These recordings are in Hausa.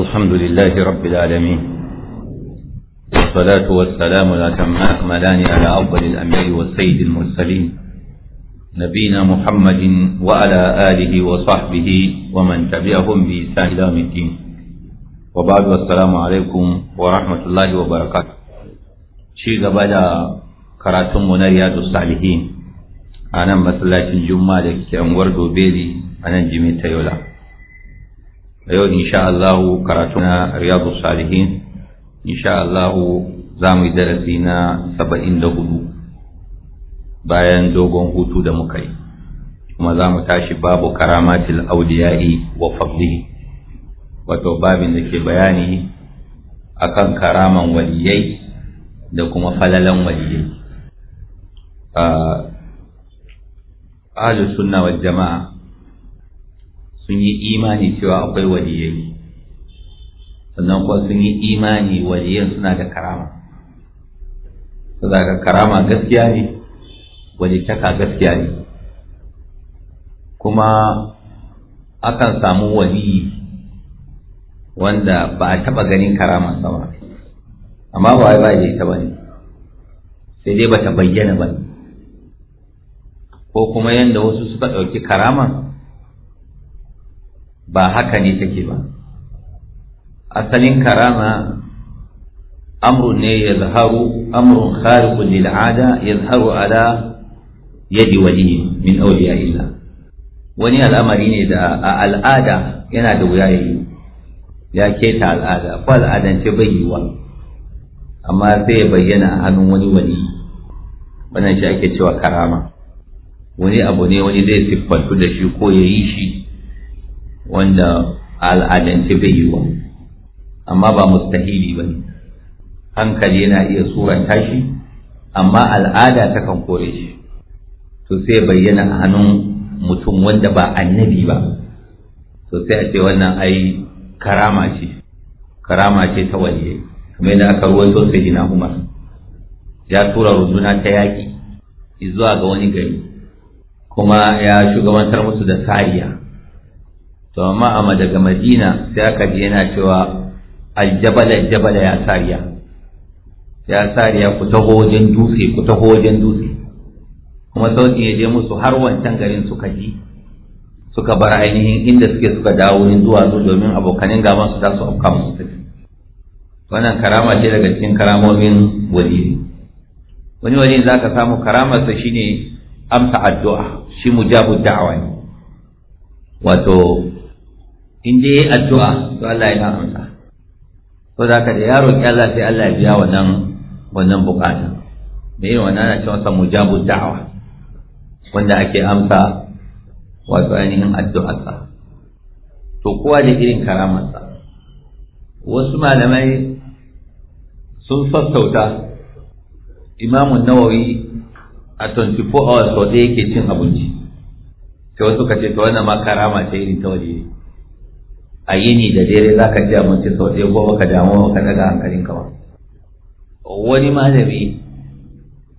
الحمد لله رب العالمين والصلاة والسلام الأتمان على أفضل الأنبياء والسيد المرسلين نبينا محمد وعلى آله وصحبه ومن تبعهم بإحسان إلى الدين وبعد والسلام عليكم ورحمة الله وبركاته شيء قبل كراتم رياض الصالحين أنا مسلاة الجمعة لكي أنور دوبيلي أنا جميل تيولا a yau insha Allah karatu na Riyadu Salihin insha Allah za mu yi darasi na saba'in da hudu bayan dogon hutu da muka yi kuma za mu tashi babu karamatil auliya'i wa fadlihi wato babin da ke bayani akan karaman waliyai da kuma falalan waliyai a ah, suna wal jama'a sun yi imani cewa akwai waliyai sannan kuma sun yi imani waliyan suna da karama ka karama gaskiya ne caka gaskiya ne kuma akan samu waliyi wanda ba a taɓa ganin karama sama amma ba wai ba da ita ba ne sai dai bata bayyana ba ko kuma yadda wasu suka ɗauki karama ba haka ne take ba asalin karama amru ne ya zaharu amrun khariqun lil ya zaharu ala yadi wali min awliya illa wani al'amari ne da a al'ada yana da wuya yi. ya keta al'ada ko al'adance bai yiwa amma sai ya bayyana a hannun wani wani wannan shi ake cewa karama wani abu ne wani zai siffantu da shi ko ya yi shi wanda al'adance bai yi wa amma ba mustahili ba ne hankali yana iya suranta shi amma al'ada takan kore shi to sai bayyana a hannun mutum wanda ba annabi ba to sai a ce wannan ai karama ce karama ce ta waliye kamar yadda aka ruwaito sai na umar ya tura runduna ta yaƙi zuwa ga wani gari kuma ya shugabantar musu da sariya to amma amma daga madina sai aka ji yana cewa aljabala jabala ya sariya ya sariya ku taho wajen dutse ku taho wajen dutse kuma sauƙin ya je musu har wancan garin suka ji suka bar ainihin inda suke suka dawo wurin zuwa zo domin abokanin gaban su za su afka musu tafi wannan karama ce daga cikin karamomin wali wani wali za ka samu karamarsa shine amsa addu'a shi mujabu da'awa ne wato in dai addu'a to Allah ya amsa ko da ka da yaro ki Allah sai Allah ya biya wannan wannan bukata me yin wannan ana cewa mujabu da'wa wanda ake amsa wato ainihin addu'arsa to kowa da irin karamarsa wasu malamai sun sassauta imamun nawawi a 24 hours wadda yake cin abinci sai wasu ka ce ta wannan ma karama ta irin ta waje a yini da dare za ka ji abinci sau ɗaya ko baka damu ka daga hankalin ka wani malami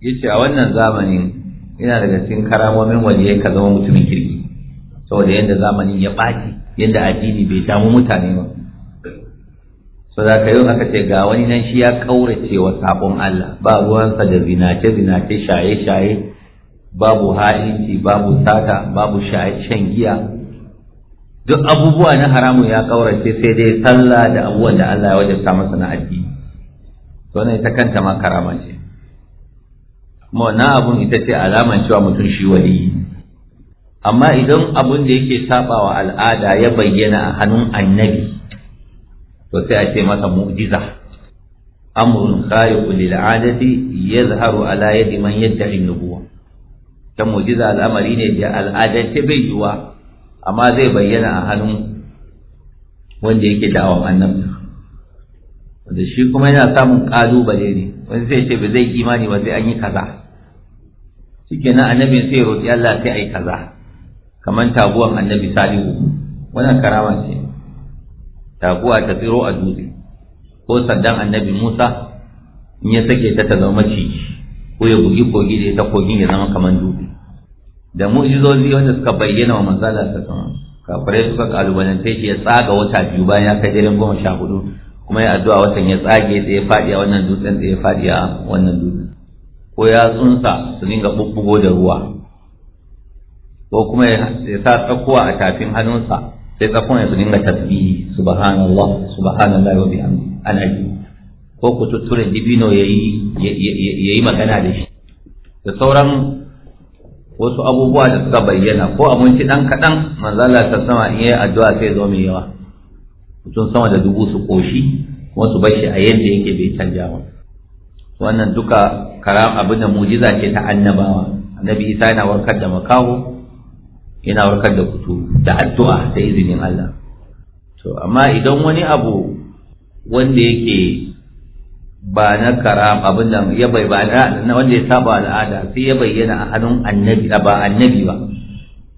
ya ce a wannan zamanin yana daga cikin karamomin waje ka zama mutumin kirki saboda yadda zamanin ya ɓaci yadda addini bai damu mutane ba so da ka yau aka ce ga wani nan shi ya kaurace wa saƙon Allah ba ruwansa da zinace zinace shaye shaye babu ha'inci babu sata babu shaye shan giya duk abubuwa na haramun ya kaurace sai dai sallah da abubuwan da Allah ya wajabta masa na addini to ne ta kanta ma karama ce kuma wannan abun ita ce alaman cewa mutum shi wali amma idan abun da yake sabawa al'ada ya bayyana a hannun annabi to sai a ce masa mu'jiza amrun khariqun lil adati yadhharu ala yadi man yad'i an ta mu'jiza al'amari ne da al'adance bai yiwa amma zai bayyana a hannun wanda yake da'awar annabta wanda shi kuma yana samun ƙalubale ne wanda zai ce ba zai imani ba sai an yi kaza shikenan annabi sai ya roƙi Allah sai ai kaza kamar taguwan annabi salihu wannan karama ce taguwa ta tsiro a dutse ko sandan annabi Musa in ya sake ta ta zama ciki ko ya bugi kogi da ita kogin ya zama kamar dutse da mu'jizozi wanda suka bayyana wa manzala ta sama kafare suka kalubalance shi ya tsaga wata biyu bayan ya kai irin goma sha hudu kuma ya addu'a watan ya tsage da ya faɗi a wannan dutsen da ya faɗi a wannan dutsen ko ya tsunsa su dinga bubbugo da ruwa ko kuma ya sa tsakuwa a tafin hannunsa sai tsakuwa ya su dinga tasbihi subhanallah subhanallah wa bihamdi ana yi ko ku tuttura dibino yayi yayi magana da shi da sauran wasu abubuwa da suka bayyana ko abinci dan kaɗan manzala ta sama in yi addu'a sai zo mai yawa mutum sama da dubu su koshi kuma su bashi a yadda yake bai canja ba wannan duka karam abin da mujiza ce ta annabawa annabi isa yana warkar da makaho yana warkar da kuturu da addu'a da izinin allah to amma idan wani abu wanda yake ba na karam abin da ya bai ba na wanda ya saba al'ada sai ya bayyana a hannun annabi ba annabi ba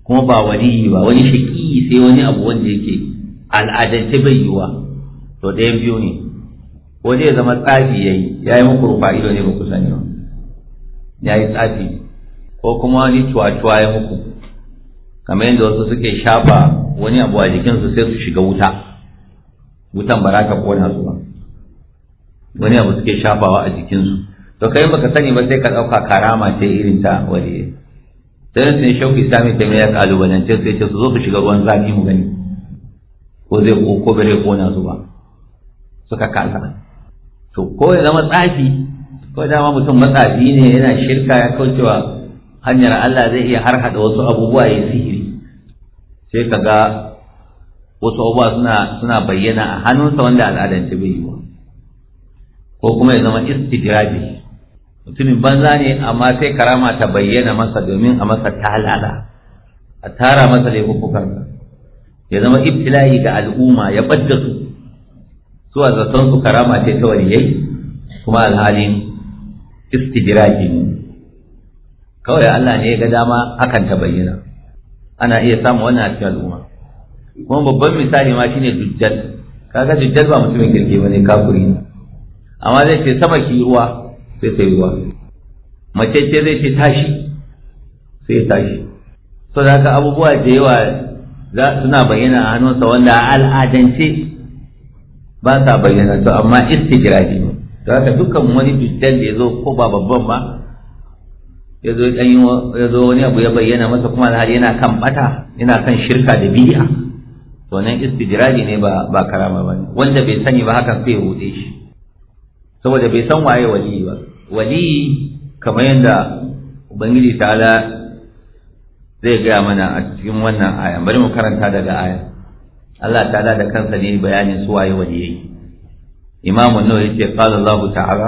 kuma ba wani ba wani shaki sai wani abu wanda yake al'adance bai yiwa to ɗayan biyu ne ko ya zama tsafi ya yi, ya yi muku rufa ido ne ba ku sani ba yi tsafi ko kuma wani cuwa-cuwa ya muku kamar yadda wasu suke shafa wani abu a jikinsu sai su shiga wuta wutan ba za ka kona su ba wani abu suke shafawa a jikinsu to kai baka sani ba sai ka ɗauka karama ce irin ta wani sai sun shauki sami ta mai ya kalubalance sai ce su zo su shiga ruwan zafi mu gani ko zai ko bare ko na zuba. suka kasa to ko ya zama tsafi ko dama mutum matsafi ne yana shirka ya kaucewa hanyar Allah zai iya har hada wasu abubuwa ya sihiri sai ka ga wasu abubuwa suna bayyana a hannunsa wanda al'adance bai yi ba ko kuma ya zama istidrabi mutumin banza ne amma sai karama ta bayyana masa domin a masa talala a tara masa laifukan ya zama ibtila'i ga al'umma ya ɓadda su su a zaton su karama ce ta waliyai kuma alhalin istidraji ne kawai Allah ne ya ga dama hakan ta bayyana ana iya samun wannan a cikin al'umma kuma babban misali ma shine dujjal kaga dujjal ba mutumin kirki bane kafuri ne amma zai ce sama ki ruwa sai ta ruwa mace ce zai ce tashi sai tashi so da haka abubuwa da yawa suna bayyana a hannunsa wanda al'adance ba sa bayyana to amma istigraji ne to haka dukkan wani dujjal da ya zo ko ba babban ba ya zo ya zo wani abu ya bayyana masa kuma alhali yana kan bata yana kan shirka da bid'a to nan ne ba ba karama ba wanda bai sani ba haka sai ya shi saboda bai san waye wali ba wali kamar yadda ubangiji ta'ala zai gaya mana a cikin wannan aya bari mu karanta daga aya Allah ta'ala da kansa ne bayanin su waye waliyai imamu nawawi yace qala Allah ta'ala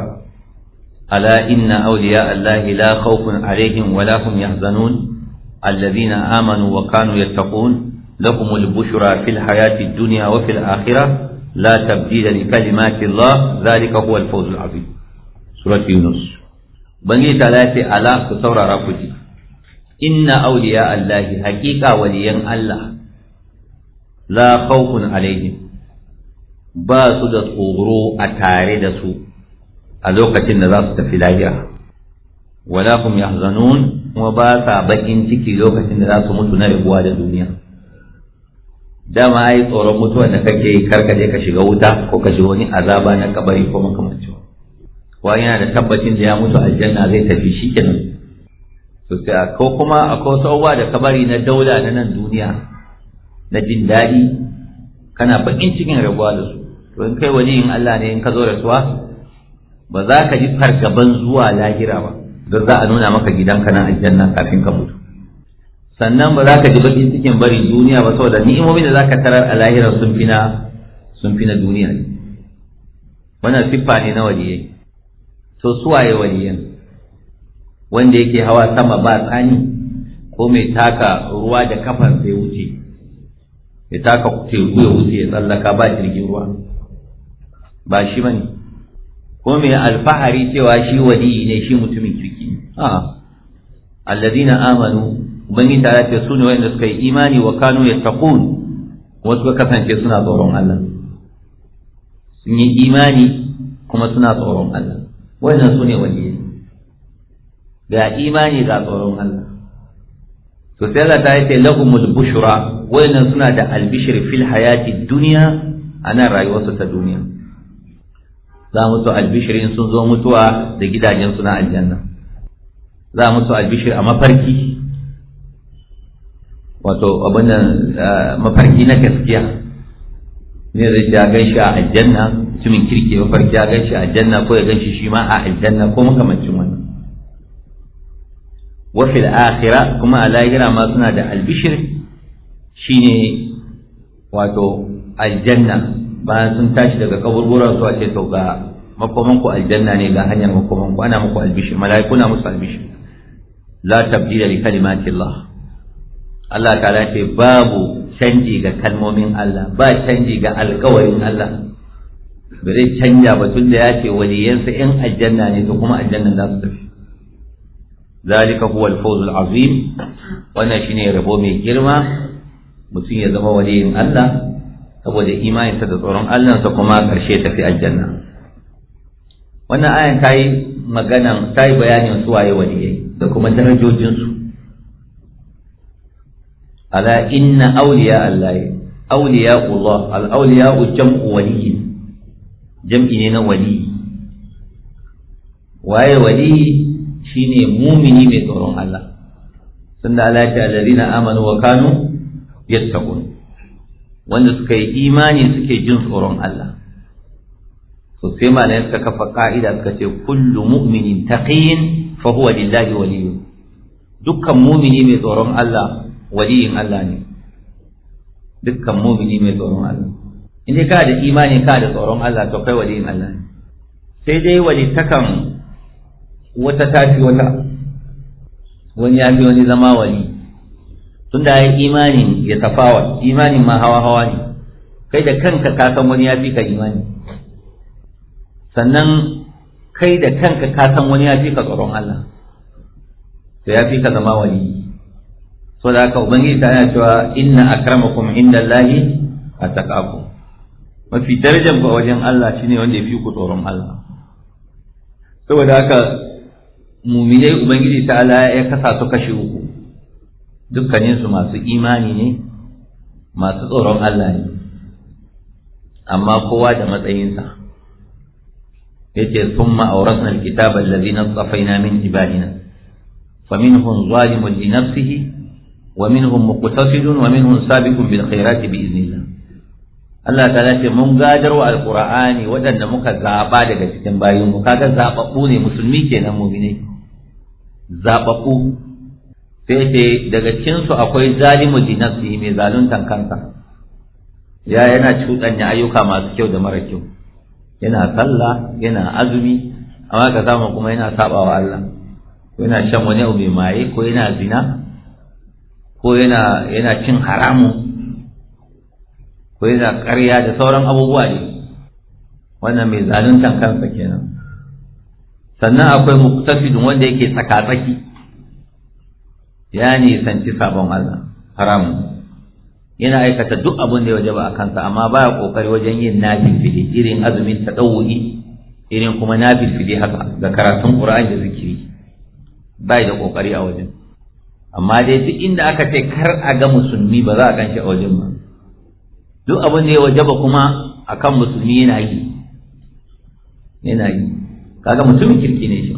ala inna awliya Allah la khawfun alaihim wa la hum yahzanun alladhina amanu wa kanu yattaqun lakumul bushra fil hayati dunya wa fil akhirah لا تبديل لكلمات الله ذلك هو الفوز العظيم سورة يونس بني ثلاثة ألا كثورة رفجي إن أولياء الله حقيقة وليا الله لا خوف عليهم ba su da tsoro a tare da su a lokacin da za su tafi lahira wala hum yahzanun kuma ba sa bakin ciki lokacin da za su mutu na rabuwa da duniya dama ai tsoron mutuwar da kake yi kar ka je ka shiga wuta ko ka shiga wani azaba na kabari ko makamancin wa yana da tabbacin da ya mutu aljanna zai tafi shi kenan to sai ko kuma akwai wasu abubuwa da kabari na daula na nan duniya na jin daɗi kana bakin cikin rabuwa da su to in kai wani in Allah ne in ka zo rasuwa ba za ka ji fargaban zuwa lahira ba don za a nuna maka gidanka na aljanna kafin ka mutu sannan ba za ka ji baƙin cikin barin duniya ba saboda ni'imomin da za ka tarar a lahira sun fi na sun fi na duniya ne wannan siffa ne na waliyai to suwaye waliyan wanda yake hawa sama ba tsani ko mai taka ruwa da kafar sai wuce ya taka teku ya wuce ya tsallaka ba jirgin ruwa ba shi bane ko mai alfahari cewa shi waliyi ne shi mutumin kirki a allazina amanu ubangiji ta ce su ne wanda suka yi imani wa kanu yattaqun wasu kasance suna tsoron Allah sun yi imani kuma suna tsoron Allah wannan su ne waliyai ga imani ga tsoron Allah to sai Allah ta ce lahumul bushra wayannan suna da albishir fil hayati dunya ana rayuwarsu ta duniya za musu albishirin sun zo mutuwa da gidajen suna aljanna za musu albishir a mafarki wato abin ah, mafarki na gaskiya ne zai ya gan shi a aljanna mutumin kirki mafarki ya gan shi a aljanna ko ya gan shi shi ma a aljanna ko makamancin wannan wa fil akhirah kuma a lahira ma suna da albishir ne wato aljanna bayan sun tashi daga kaburburan su a ce to ga makoman ku aljanna ne ga hanyar makoman ku ana muku albishir mala'ikuna musu albishir la tabdila li kalimati Allah Allah ta'ala ce babu canji ga kalmomin Allah ba canji ga alkawarin Allah ba zai canja ba tun da ya ce waliyansa yan aljanna ne to kuma aljanna za su tafi zalika huwa al-fawz wannan shine rabo mai girma mutum ya zama waliyin Allah saboda imaninsa da tsoron sa kuma karshe tafi aljanna wannan ayan tayi maganan ta yi bayanin waye waliyai da kuma darajojinsu ala inna awliya allahi awliya Allah al awliya jam'u waliyi jam'i ne na waliyi waye waliyi shine mumini mai tsoron Allah sanda Allah ta amanu wa kanu yattaqun wanda suka yi imani suke jin tsoron Allah Sosai sai suka kafa ƙa'ida suka ce kullu mu'minin taqiyin fa huwa lillahi dukkan mumini mai tsoron Allah waliyin Allah ne dukkan mumini mai tsoron Allah in dai ka da imani ka da tsoron Allah to kai waliyin Allah ne sai dai takan wata tafi wata wani ya fi wani zama wali tun da ya imanin ya tafawa imanin ma hawa hawa ne kai da kanka ka san wani ya fi ka imani sannan kai da kanka ka san wani ya fi ka tsoron Allah to ya fi ka zama wali so da haka ubangiji ta yana cewa inna akramakum inda Allahi a takakum mafi darajar ba wajen Allah shine wanda ya fi ku tsoron Allah saboda haka muminai ubangiji ta ala ya kasa su kashe uku dukkanin su masu imani ne masu tsoron Allah ne amma kowa da matsayinsa yace thumma awrasna alkitaba allazina safaina min ibadina faminhum zalimun li nafsihi ومنهم مقتصد ومنهم سابق بالخيرات بإذن الله Allah ta ce mun gadar wa alkur'ani waɗanda muka zaɓa daga cikin bayin mu kaga zaɓaɓɓu ne musulmi kenan mu'mini zaɓaɓɓu sai ce daga cikin su akwai zalimu li mai zaluntan kansa ya yana cuɗanya ayyuka masu kyau da mara kyau yana sallah yana azumi amma ka samu kuma yana sabawa Allah ko yana shan wani abu mai maye ko yana zina ko yana yana cin haramu ko yana ƙarya da sauran abubuwa ne wannan mai zaluntan kansa kenan sannan akwai muktafidun wanda yake tsakatsaki ya nisanci sabon Allah haramun yana aikata duk abin da ya wajaba a kansa amma baya kokari wajen yin fili irin azumin ta tadawwi irin kuma fili haka ga karatun ƙura'an da zikiri bai da ƙoƙari a wajen amma dai duk inda aka ce kar a ga musulmi ba za a kan shi a wajen ba duk abin da ya waje ba kuma a kan musulmi yana yi yana yi kaga mutumin kirki ne shi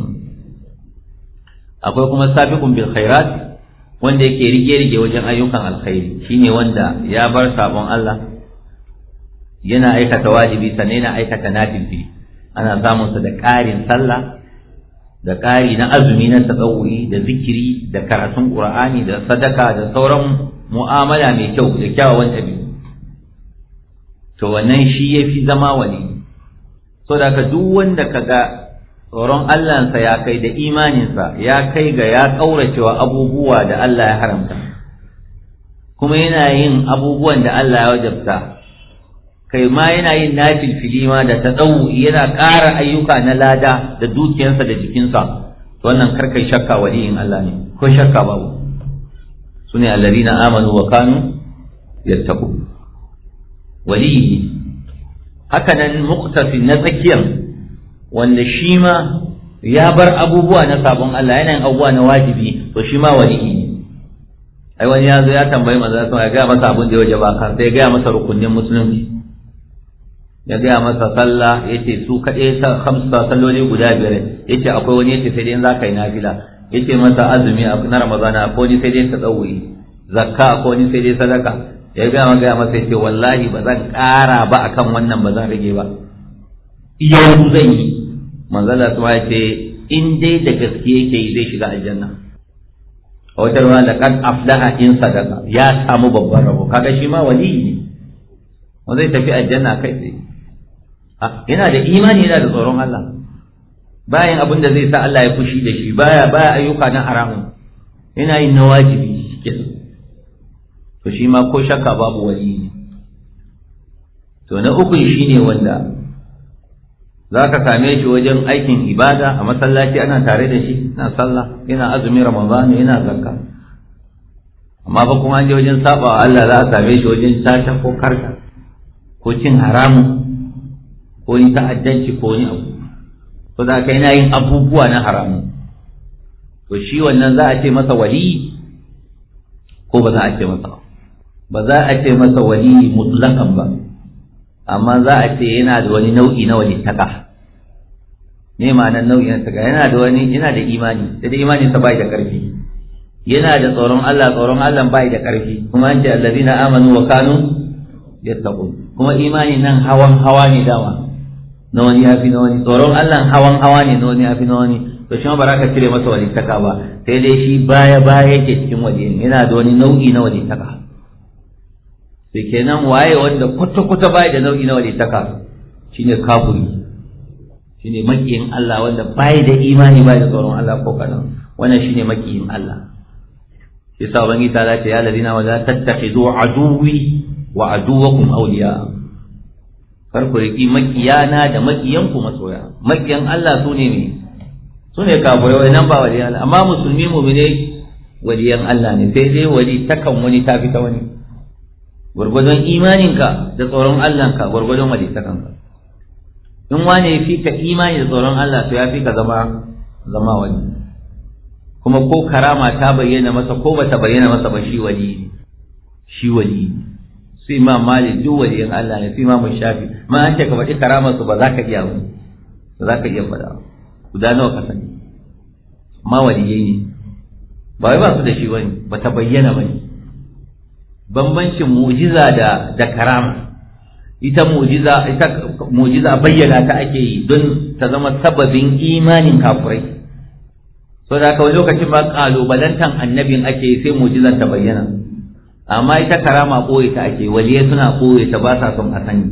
akwai kuma sabiqun bil khairat wanda yake rige rige wajen ayyukan alkhairi shine wanda ya bar sabon Allah yana aikata wajibi sannan yana aikata nafibi ana samun sa da ƙarin sallah da ƙari na azumi na tsatsawuri da zikiri da karatun ƙur'ani da sadaka da sauran mu'amala mai kyau da kyawawan ɗabi to wannan shi ya fi zama wani so da ka duk wanda ka ga tsoron Allahnsa ya kai da imaninsa ya kai ga ya ƙauracewa abubuwa da Allah ya haramta kuma yana yin abubuwan da Allah ya wajabta kai ma yana yin nafil filima da tadawu yana ƙara ayyuka na lada da dukiyansa da jikinsa to wannan karkai shakka waliyin Allah ne ko shakka babu sune alladhina amanu wa kanu yattaqu waliyi haka nan muqtasi na tsakiyar, wanda shi ma ya bar abubuwa na sabon Allah yana yin abubuwa na wajibi to shi ma waliyi ne ai wani ya zo ya tambayi manzo sallallahu ya ga masa abin da ya wajaba kan sai ya ga masa rukunin musulunci ya gaya masa sallah ya ce su kaɗai hamsa salloli guda biyar ya ce akwai wani ya ce sai dai za ka yi nafila ce masa azumi na ramadana ko ni sai dai ta tsawuyi zakka ko ni sai dai sadaka ya gaya masa gaya masa ce wallahi ba zan ƙara ba akan wannan ba zan rage ba yau zan yi manzala su ma ce in dai da gaske yake yi zai shiga aljanna a wata ruwa da kan aflaha in sadaka ya samu babban rabo kaga shi ma yi ne zai tafi aljanna kai tsaye yana da imani yana da tsoron Allah bayan abin da zai sa Allah ya fushi da shi baya baya ayyuka na haramun yana yin na wajibi to shi ma ko shakka babu wani ne to na uku shi ne wanda za ka same shi wajen aikin ibada a masallaci ana tare da shi na sallah yana azumin ramadan yana zakka amma ba kuma an je wajen saba Allah za a same shi wajen tasha ko karka ko cin haramun ko ni ta'addanci ko ni abu ko za ka yana yin abubuwa na haramu to shi wannan za a ce masa wali ko ba za a ce masa ba za a ce masa wali mutlakan ba amma za a ce yana da wani nau'i na wani taka ne ma'anar nau'i na taka yana da wani yana da imani sai da imani sa bai da karfi yana da tsoron Allah tsoron Allah bai da karfi kuma an ce allazina amanu wa kanu yattaqun kuma imani nan hawan hawa ne dama na wani ya fi na wani tsoron Allah hawan hawa ne na wani ya fi na wani to shi ma ba za ka cire masa taka ba sai dai shi baya baya yake cikin ne yana da wani nau'i na taka sai kenan waye wanda kwata kwata baya da nau'i na walittaka shine kafiri shine makiyin Allah wanda baya da imani baya da tsoron Allah ko kadan wannan shine makiyin Allah yasa za ta ce ya ladina wa la tattakhidu aduwi wa aduwakum awliya kar ku makiyana da makiyan ku masoya makiyan Allah su ne ne su ne kafirai nan ba waliyan Allah amma musulmi mu'mine waliyan Allah ne sai dai wali takan wani ta fi ta wani gwargwadon imaninka da tsoron ta kan ka. in wane fi ka imani da tsoron Allah to ya fi ka zama zama wani kuma ko karama ta bayyana masa ko bata bayyana masa ba shi wali shi wali sai ma malik duk waliyan Allah ne ma mun shafi ma an ce ka faɗi karamar su ba za ka iya ba za ka iya faɗa guda nawa ka sani ma waliyai ne ba wai ba su da shi bane ba ta bayyana bane bambancin mu'jiza da da karama ita mu'jiza ita mu'jiza bayyana ta ake yi don ta zama sababin imanin kafurai saboda da haka wani lokacin ba kalubalantan annabin ake yi sai mu'jizan ta bayyana amma ita karama ɓoye ta ake waliyai suna ɓoye ta ba sa son a sani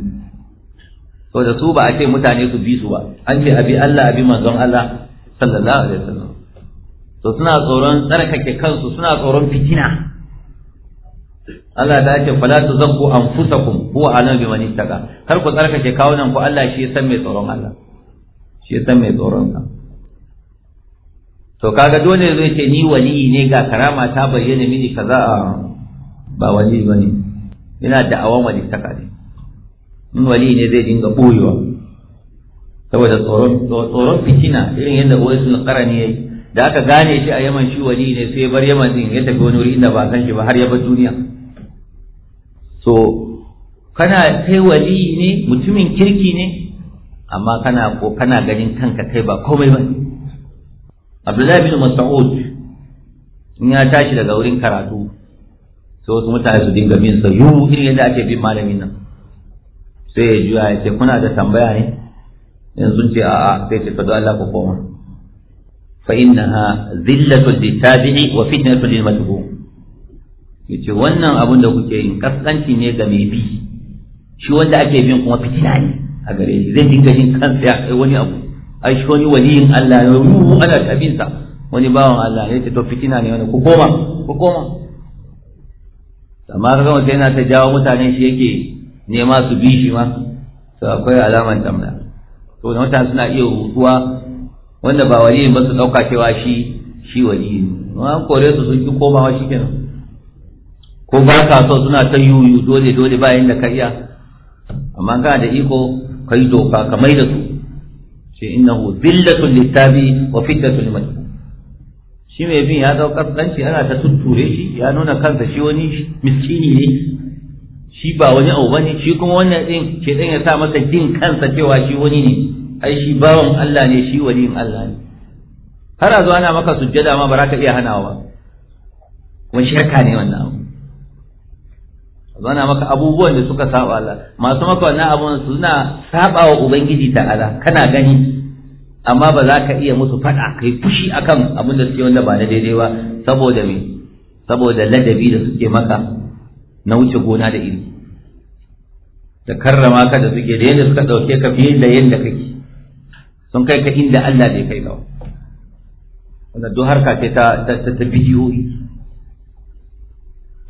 to da su ba a ce mutane su bi su ba an ce abi Allah abi manzon Allah sallallahu alaihi wasallam to suna tsoron tsarkake kansu suna tsoron fitina Allah da ce fala tuzakku anfusakum huwa bi man ittaka kar ku tsarkake kawunan ku Allah shi ya san mai tsoron Allah shi ya san mai tsoron ka. to kaga dole zai ce ni waliyi ne ga karama ta bayyana mini kaza ba wali ba ne yana da'awan walittaka ne in wali ne zai dinga boyewa saboda tsoron fitina irin yadda uwaisul ya yayi da aka gane shi a yaman shi wali ne sai bar yaman din ya tafi wani wuri inda ba san shi ba har ya bar duniya so kana kai wali ne mutumin kirki ne amma kana ko kana ganin kanka kai ba komai ba Abdullahi bin Mas'ud in ya tashi daga wurin karatu sai wasu mutane su dinga bin sa yuru irin yadda ake bin malamin nan sai ya juya ya ce kuna da tambaya ne yanzu ce a'a sai ce fadu Allah ku koma fa innaha zillatul litabi'i wa fitnatul lil matbu yace wannan abun da kuke yin kaskanci ne ga mai bi shi wanda ake bin kuma fitina ne a gare shi zai dinga jin kansa ya kai wani abu ai shi wani waliyin Allah ya ruhu ana tabinsa wani bawan Allah ya ce to fitina ne wani ku koma ku koma amma kaga wata yana ta jawo mutane shi yake nema su bi shi ma to akwai alaman tamna to da mutane suna iya hutuwa wanda ba wali ba su dauka cewa shi shi wali ne an kore su sun ki komawa shikenan ko ba ka so suna ta yuyu dole dole ba da ka iya amma ka da iko kai doka ka mai da su shi innahu zillatun littabi wa fiddatun liman shi mai bin ya zau kaskanci ana ta tutture shi ya nuna kansa shi wani miskini ne shi ba wani abu bane shi kuma wannan din ke ya sa masa jin kansa cewa shi wani ne ai shi bawan Allah ne shi waliin Allah ne har a zo ana maka sujjada ma ba za ka iya hanawa ba kuma shirka ne wannan abu zana maka abubuwan da suka saba Allah masu maka wannan abun suna saba wa ubangiji ta'ala kana gani amma ba za ka iya musu faɗa kai fushi akan abin da suke wanda ba na daidai ba saboda me saboda ladabi da suke maka na wuce gona da iri da karrama ka da suke da yadda suka ɗauke ka fiye da yadda kake sun kai ka inda Allah bai kai ba Wannan duk harka ce ta ta bidiyoyi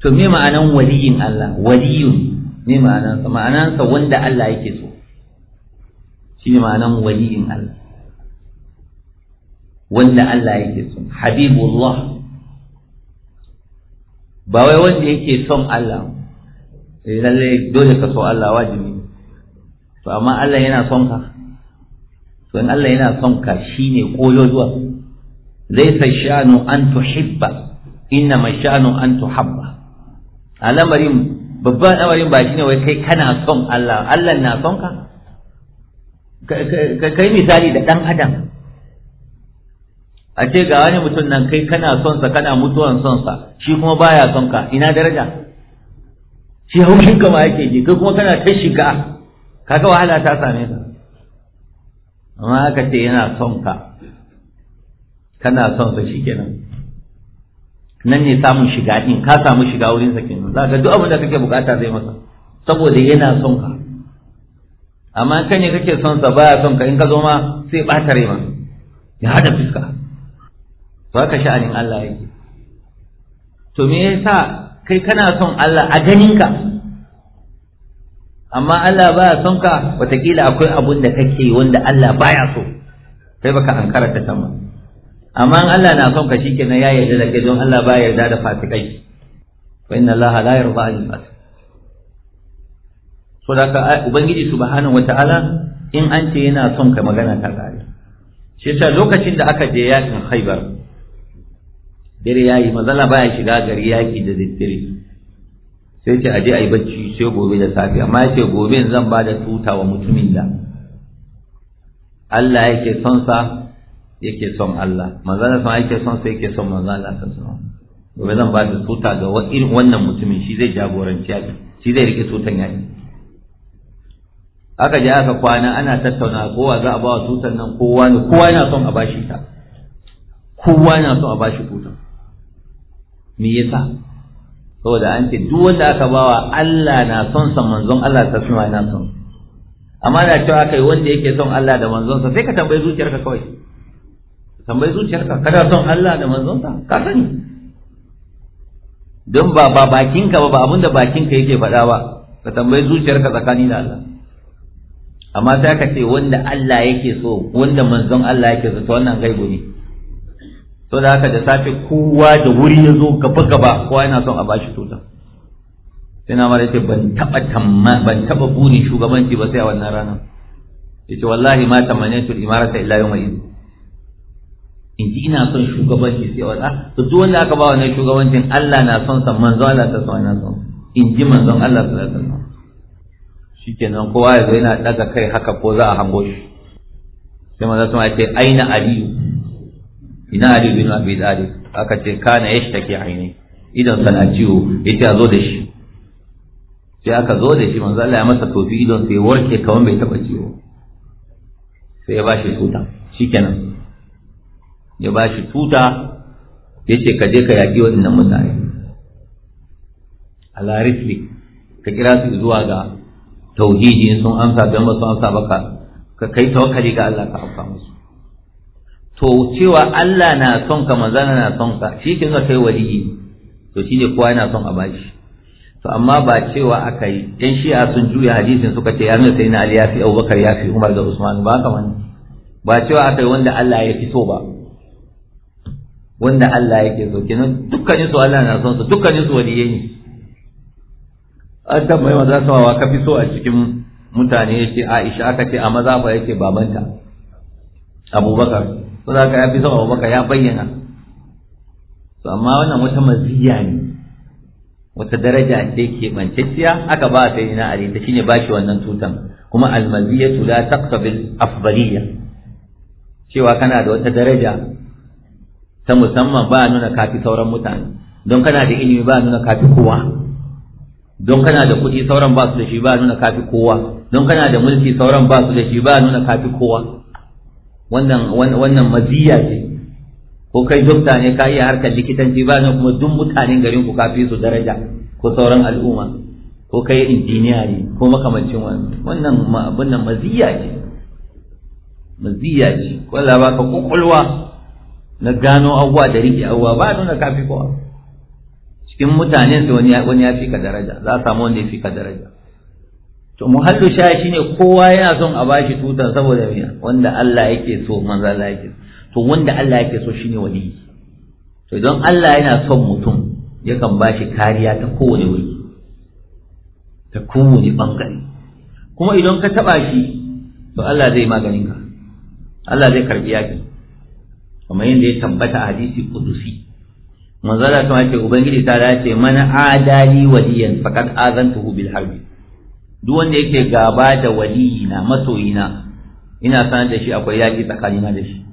to me ma'anan waliyin Allah waliyun me ma'anansa ma'anansa wanda Allah yake so shi ne ma'anan waliyin Allah wanda Allah yake so habibullah ba wai wanda yake son Allah eh, lalle dole ka so Allah wajibi to amma Allah yana son ka to in Allah yana son ka shine koyo zuwa laysa sha'nu an tuhibba innama sha'nu an tuhabba al'amarin babban al'amarin ba shine wai kai kana son Allah Allah na son ka kai misali da dan adam a ce ga wani mutum nan kai kana son sa kana mutuwan son sa shi kuma baya son ka ina daraja shi haushin ka ma yake ji kai kuma kana ta shiga kaga wahala ta same ka amma aka ce yana son ka kana son sa shikenan nan ne samun shiga din ka samu shiga wurin sa kenan zaka duk abin da kake bukata zai masa saboda yana son ka amma kai ne kake son sa baya son ka in ka zo ma sai bata rai ma ya hada fuska ba ka sha'anin Allah yake to me yasa kai kana son Allah a ganinka amma Allah baya son ka wataƙila akwai abun da kake wanda Allah baya so sai baka ankara ta sama amma in Allah na son ka shikenan ya yarda da kai don Allah baya yarda da fasikai wa inna Allah la yarda an fasik so da ka ubangiji subhanahu wataala in an ce yana son ka magana ta kare shi yasa lokacin da aka je yakin Khaibar dare yi mazala baya shiga gari yaƙi da daddare sai ce aje yi bacci sai gobe da safe amma ce gobe zan ba da tuta wa mutumin da Allah yake son sa yake son Allah manzala sa yake son sa yake son sun sa gobe zan ba da tuta ga wannan mutumin shi zai jagoranci yaƙi, shi zai rike tutan yaƙi. aka je aka kwana ana tattauna kowa za a ba wa tutan nan kowa ne kowa yana son a bashi ta kowa yana son a bashi tutan me yasa saboda an ce duk wanda aka bawa Allah na son sa manzon Allah ta suna na son amma da cewa kai wanda yake son Allah da manzon sa sai ka tambayi zuciyarka kawai tambayi zuciyarka kada son Allah da manzon sa ka sani don ba ba bakinka ba ba abinda bakinka yake faɗa ba ka tambayi zuciyarka tsakani da Allah amma sai ka ce wanda Allah yake so wanda manzon Allah yake so to wannan gaibu ne Sau da haka da safe kowa da wuri ya zo gaba gaba kowa yana son a bashi tuta sai na mara ce ban taba tamma ban taba buri shugabanci ba sai a wannan rana yace wallahi ma tamanaitu al-imarata illa yawma idin in ji ina son shugabanci sai wata ah, to duk wanda aka ba wannan shugabancin Allah na son sa manzo Allah ta so na son in ji manzo Allah ta son sa shikenan kowa ya zo yana daga kai haka ko za a hango shi sai manzo sun ce aina aliyu ina ali bin abi talib aka ce kana yashtaki aini idan sana ciwo yace a zo da shi sai aka zo da shi manzo Allah ya masa tofi idan sai warke kaman bai taba ciwo sai ya bashi tuta shikenan ya bashi tuta yace ka je ka yaki waɗannan mutane ala rifli ka kira su zuwa ga tauhidi sun amsa don ba su amsa ba ka kai tawakkali ga Allah ka amsa musu to cewa Allah na son ka manzana na son ka shi ke ga kai waliyi to shi ne kowa yana son a bashi to amma ba cewa aka yi shi shi'a sun juya hadisin suka ce ya sai na Ali ya fi Abubakar ya fi Umar da Usman ba haka wani ba cewa aka yi wanda Allah ya fito ba wanda Allah yake so kenan dukkanin su Allah na son su dukkanin su waliyai yayi an tambayi maza sama ka fi so a cikin mutane yake Aisha aka ce a maza ba yake babanta Abubakar ko za ka ya fi son baka ya bayyana to amma wannan wata maziya ne wata daraja ce keɓantacciya aka ba yi na ali ta shine ba shi wannan tutan kuma almaziyatu la taqtabil afdaliyya cewa kana da wata daraja ta musamman ba nuna kafi sauran mutane don kana da ilimi ba nuna kafi kowa don kana da kuɗi sauran ba su da shi ba nuna kafi kowa don kana da mulki sauran ba su da shi ba nuna kafi kowa wannan wannan maziya ce ko kai dokta ne ka iya harkar likitanci ba ne kuma duk mutanen garin ku kafi su daraja ko sauran al'umma ko kai injiniya ne ko makamancin wannan wannan wannan maziya ce maziya ce ko Allah ka kokolwa na gano abuwa da rike abuwa ba nuna kafi kowa cikin mutanen sai wani ya fi ka daraja za a samu wanda ya fi ka daraja to muhallu sha shine kowa yana son a bashi tuta saboda me wanda Allah yake so manzo Allah yake to wanda Allah yake so shine wali to idan Allah yana son mutum yakan bashi kariya ta kowane wuri ta kowane bangare kuma idan ka taba shi to Allah zai maganin ka Allah zai karbi yaki kamar yadda ya tabbata a hadisi kudusi Allah kuma ce ubangiji ta dace mana adali waliyan faqad azantuhu bil harbi duk wanda yake gaba da waliyina masoyina ina sanar da shi akwai yaƙi tsakanina da shi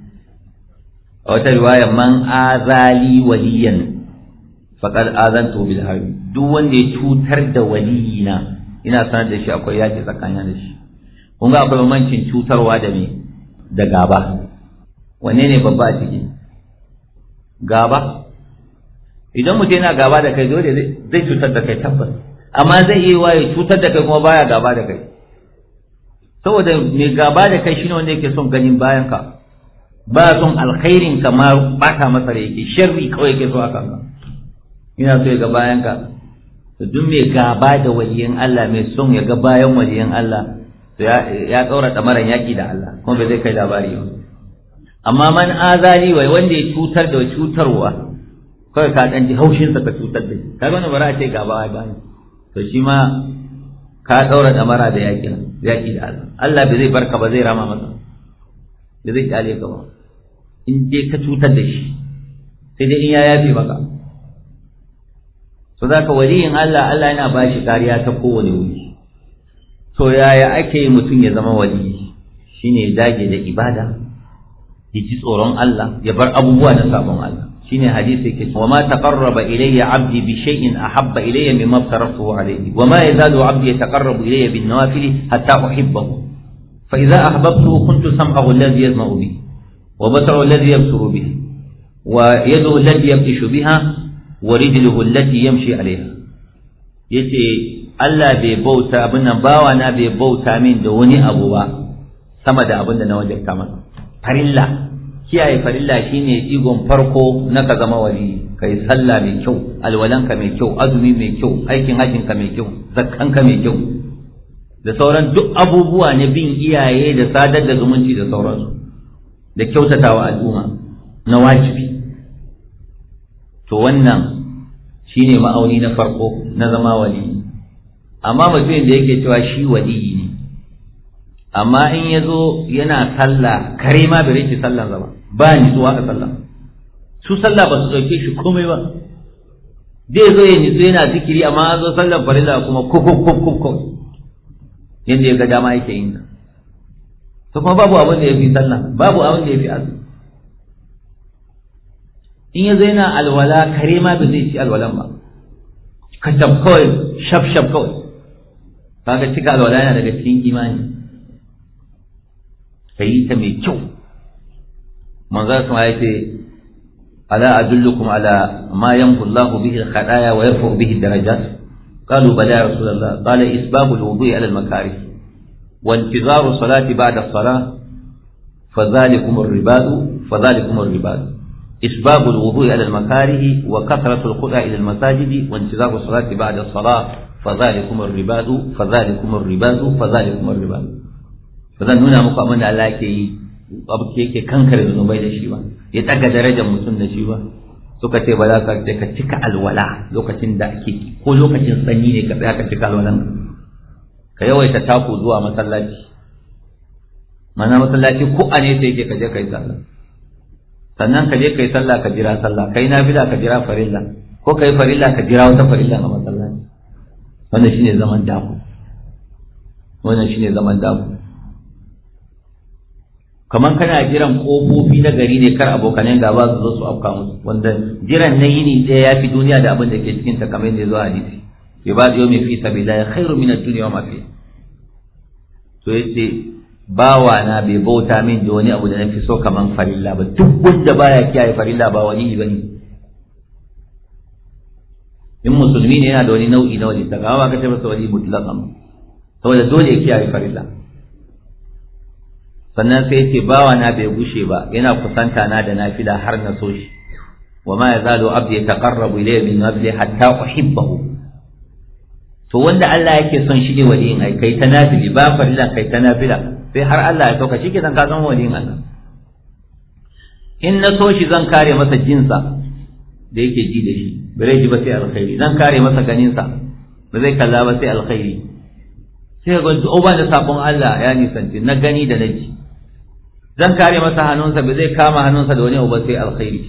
a wata riwaya man azali waliyan faqad azantu bil harbi duk wanda ya cutar da waliyina ina sanar da shi akwai yaƙi tsakanina da shi kun ga akwai mamancin cutarwa da me da gaba wanne ne babba a ciki gaba idan mutum yana gaba da kai dole zai cutar da kai tabbas amma zai iya waye cutar da kai kuma baya gaba da kai saboda mai gaba da kai shine wanda yake son ganin bayan ka ba son alkhairin ka ma bata masa da yake sharri kawai yake so akan ka ina so ya ga bayan ka duk mai gaba da waliyin Allah mai son ya ga bayan waliyin Allah to ya tsaura tamaran yaki da Allah kuma bai zai kai labari ba amma man azali wai wanda ya cutar da cutarwa kawai ka dan ji haushin sa ka cutar da shi kaga wani bara a ce gaba bayan to shi ma ka ɗaura ɗamara da yaƙi yaƙi da Allah Allah bai zai barka ba zai rama maka da zai kyale ka ba in je ka cutar da shi sai dai in ya yafe maka to zaka waliyin Allah Allah yana ba shi kariya ta kowane wuri to yaya ake mutum ya zama wali shine zage dage da ibada ya ji tsoron Allah ya bar abubuwa na sabon Allah شين حديث كده وما تقرب الي عبدي بشيء احب الي مما افترضته عليه وما يزال عبدي يتقرب الي بالنوافل حتى احبه فاذا احببته كنت سمعه الذي يسمع به وبصره الذي يبصر به ويده التي يبطش بها ورجله التي يمشي عليها يتي الا بي بوتا ابن باوا من دوني ابوا سمد ابن نوجه كما فرلا kiyaye farilla shine igon farko na ka zama wali kai sallah mai kyau alwalanka mai kyau azumi mai kyau aikin hajjinka mai kyau zakkanka mai kyau da sauran duk abubuwa na bin iyaye da sadar da zumunci da sauransu da kyautatawa al'umma na wajibi to wannan shine ma'auni na farko na zama wali amma mutumin da yake cewa shi waliyi ne amma in ya zo yana sallah kare ma bai rike sallan zama ba ni zuwa a sallah su sallah ba su dauke shi komai ba zai zo ya nitsu yana zikiri amma an zo sallar farilla kuma kukukukukuk yadda ya ga dama yake yin ta to kuma babu abin da ya fi sallah babu abin da ya fi azu in ya zai na alwala kare ma ba zai ci alwalan ba kashaf kawai shaf-shaf kawai ga cika alwala yana daga cikin imani ka yi ta mai kyau manzon sama ya ce ala adullukum ala ma yamhu Allah bihi al-khadaya wa yarfa bihi darajat qalu bala ya rasulullah qala isbahu al-wudu'i ala al-makarih wa intizaru salati فذلكم الرباد فذلكم الرباد إسباب الوضوء على المكاره وكثرة الخطأ إلى المساجد وانتظار الصلاة بعد الصلاة فذلكم الرباد فذلكم الرباد فذلكم الرباد فذلك هنا مقامنا لكي abu ke yake kankare zunubai da shi ba ya daga darajar mutum da shi ba suka ce ba za ka ka cika alwala lokacin da ake ko lokacin sanyi ne ka tsaya ka cika alwalan ka yawaita taku zuwa masallaci mana masallaci ko a ne sai yake ka je yi sallah sannan ka je yi sallah ka jira sallah kai na bila ka jira farilla ko kai farilla ka jira wata farilla a masallaci wannan shine zaman dako wannan shine zaman dako kamar kana jiran kofofi na gari ne kar abokanen gaba su zo su afka musu wanda jiran na yini ɗaya ya fi duniya da abin da ke cikin ta kamar yadda zo hadisi ya ba da yomi fi sabilillah khairu min ad-dunya wa ma fiha to yace bawa na bai bauta min da wani abu da nafi so kamar farilla ba duk wanda baya kiyaye farilla ba wani ba ne in musulmi ne yana da wani nau'i na wani ta ka ce masa wani mutlaqan saboda dole ya kiyaye farilla sannan sai ce bawa na bai gushe ba yana kusanta na da nafila har na so shi wa ma yazalu abdi yataqarrabu ilayya bin nafli hatta uhibbahu to wanda Allah yake son shi ne waliyin ai kai ta nafili ba farilla kai ta nafila sai har Allah ya sauka shi ke zan ka zama waliyin Allah in na so shi zan kare masa jinsa da yake ji da shi ba zai ji ba sai alkhairi zan kare masa ganinsa ba zai kalla ba sai alkhairi sai ga duk da sabon Allah ya nisanci na gani da na ji zan kare masa hannunsa ba zai kama hannunsa da wani ba sai alkhairi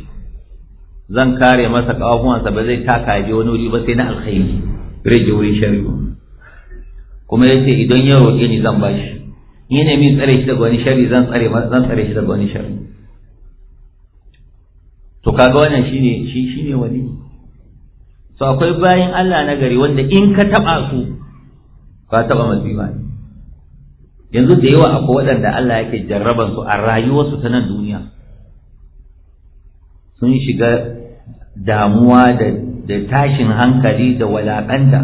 zan kare masa kawafuwansa ba zai taka ji wani wuri ba sai na alkhairi rage wurin shari'u kuma ya ce idan ya roƙe ni zan shi. ni ne min tsare shi daga wani shari zan tsare zan tsare shi daga wani shari to kaga wannan shine shi shine wani? to akwai bayin Allah na gari wanda in ka taba su ka taba masifa ne yanzu da yawa akwai waɗanda Allah yake jarraban su a rayuwarsu ta nan duniya sun shiga damuwa da tashin hankali da walaƙanta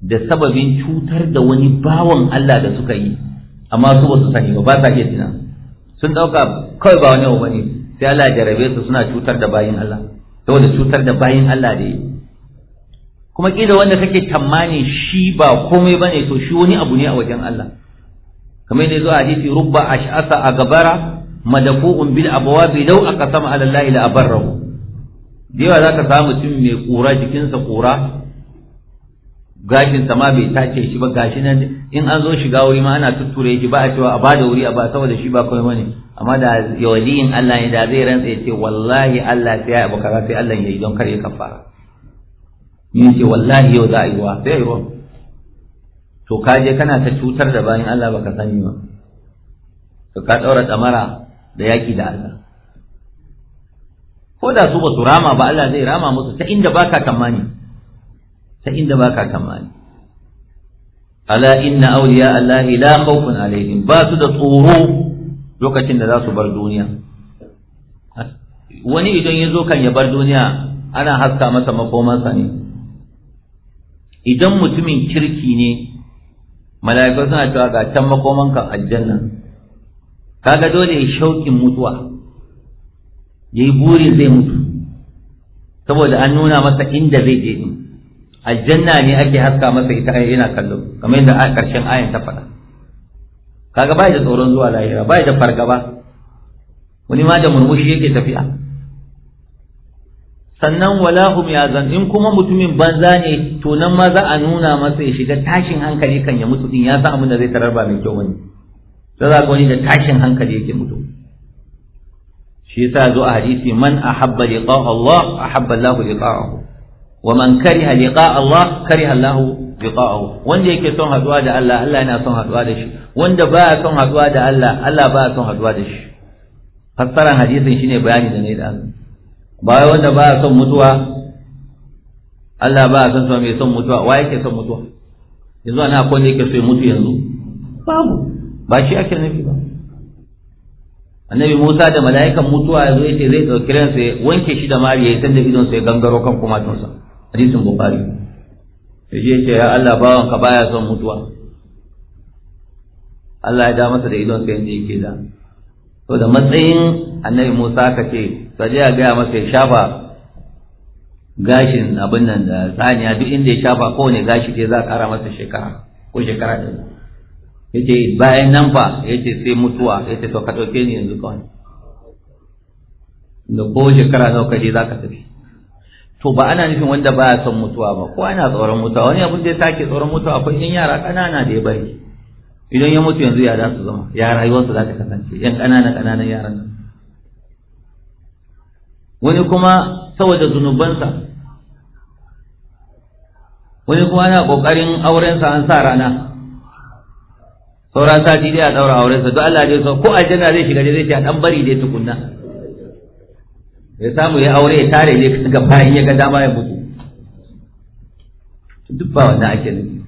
da sababin cutar da wani bawan Allah da suka yi amma su ba su sani ba ba sa iya tuna sun ɗauka kawai ba wani ba ne sai Allah jarabe su suna cutar da bayin Allah saboda cutar da bayin Allah da yi kuma ƙila wanda kake tammani shi ba komai ba ne to shi wani abu ne a wajen Allah kamar yadda zuwa hadisi rubba ash'asa a gabara madafu'un bil abwabi law aqsama ala allahi la abarrahu dewa zaka samu mutum mai kura jikinsa kura gashin ma bai tace shi ba gashi nan in an zo shiga wuri ma ana tutture shi ba a cewa a bada wuri a ba saboda shi ba kai bane amma da ya waliyin Allah ne da zai rantsa ya ce wallahi Allah sai ya abu kaza sai Allah ya yi don kare kafara yin ce wallahi yau za a yi wa sai yi wa to ka je kana ta cutar da bayan Allah baka sani ba to ka daura tsamara da yaki da Allah ko da su ba su rama ba Allah zai rama musu ta inda baka tamani ta inda baka tamani ala inna awliya Allah la khawfun alaihim ba su da tsoro lokacin da za su bar duniya wani idan ya zo kan ya bar duniya ana haska masa makomansa ne idan mutumin kirki ne mala'iku suna cewa ga can makoman kan aljanna kaga dole ya shaukin mutuwa yi burin zai mutu saboda an nuna masa inda zai je din aljanna ne ake haska masa ita yana kallo kamar yadda a ƙarshen ayan ta faɗa kaga bai da tsoron zuwa lahira bai da fargaba wani ma da murmushi yake tafiya sannan walahum ya zan in kuma mutumin banza ne to nan ma za a nuna masa ya shiga tashin hankali kan ya mutu din ya san abin da zai tarar ba mai kyau bane sai za ka wani da tashin hankali yake mutu shi yasa zo a hadisi man ahabba liqa Allah ahabba Allah liqa'ahu wa man kariha liqa Allah kariha Allah liqa'ahu wanda yake son haduwa da Allah Allah yana son haduwa da shi wanda baya son haduwa da Allah Allah baya son haduwa da shi fassaran hadisin shine bayani da ne da Allah ba wanda ba son mutuwa Allah ba san son mai son mutuwa wa yake son mutuwa yanzu ana akwai wanda yake so ya mutu yanzu babu ba shi ake nufi ba annabi Musa da mala'ikan mutuwa ya ce zai dauki ransa ya wanke shi da mari ya san da idon sa ya gangaro kan kumatunsa hadisin bukhari sai ce ya Allah bawanka baya son mutuwa Allah ya da masa da idon sa yake da to da matsayin annabi Musa ka ce ka je a gaya masa ya shafa gashin abin nan da tsaniya duk inda ya shafa kowane gashi ke za a kara masa shekara ko shekara ɗin ya ce bayan nan fa ya ce sai mutuwa ya ce to ka ɗauke ni yanzu kawai da ko shekara nawa ka je za ka tafi to ba ana nufin wanda baya son mutuwa ba ko ana tsoron mutuwa wani abin da ya sake tsoron mutuwa akwai yan yara ƙanana da ya bari idan ya mutu yanzu ya za su zama ya rayuwarsa za ta kasance yan ƙananan ƙananan yaran nan wani kuma saboda zunubansa wani kuma yana ƙoƙarin aurensa an sa rana sauran sati dai a ɗaura aurensa to Allah dai ko aljanna zai shiga zai ce a ɗan bari dai tukunna ya samu ya aure ya tare ne ga bayan ya ga dama ya mutu duk ba wanda ake nufi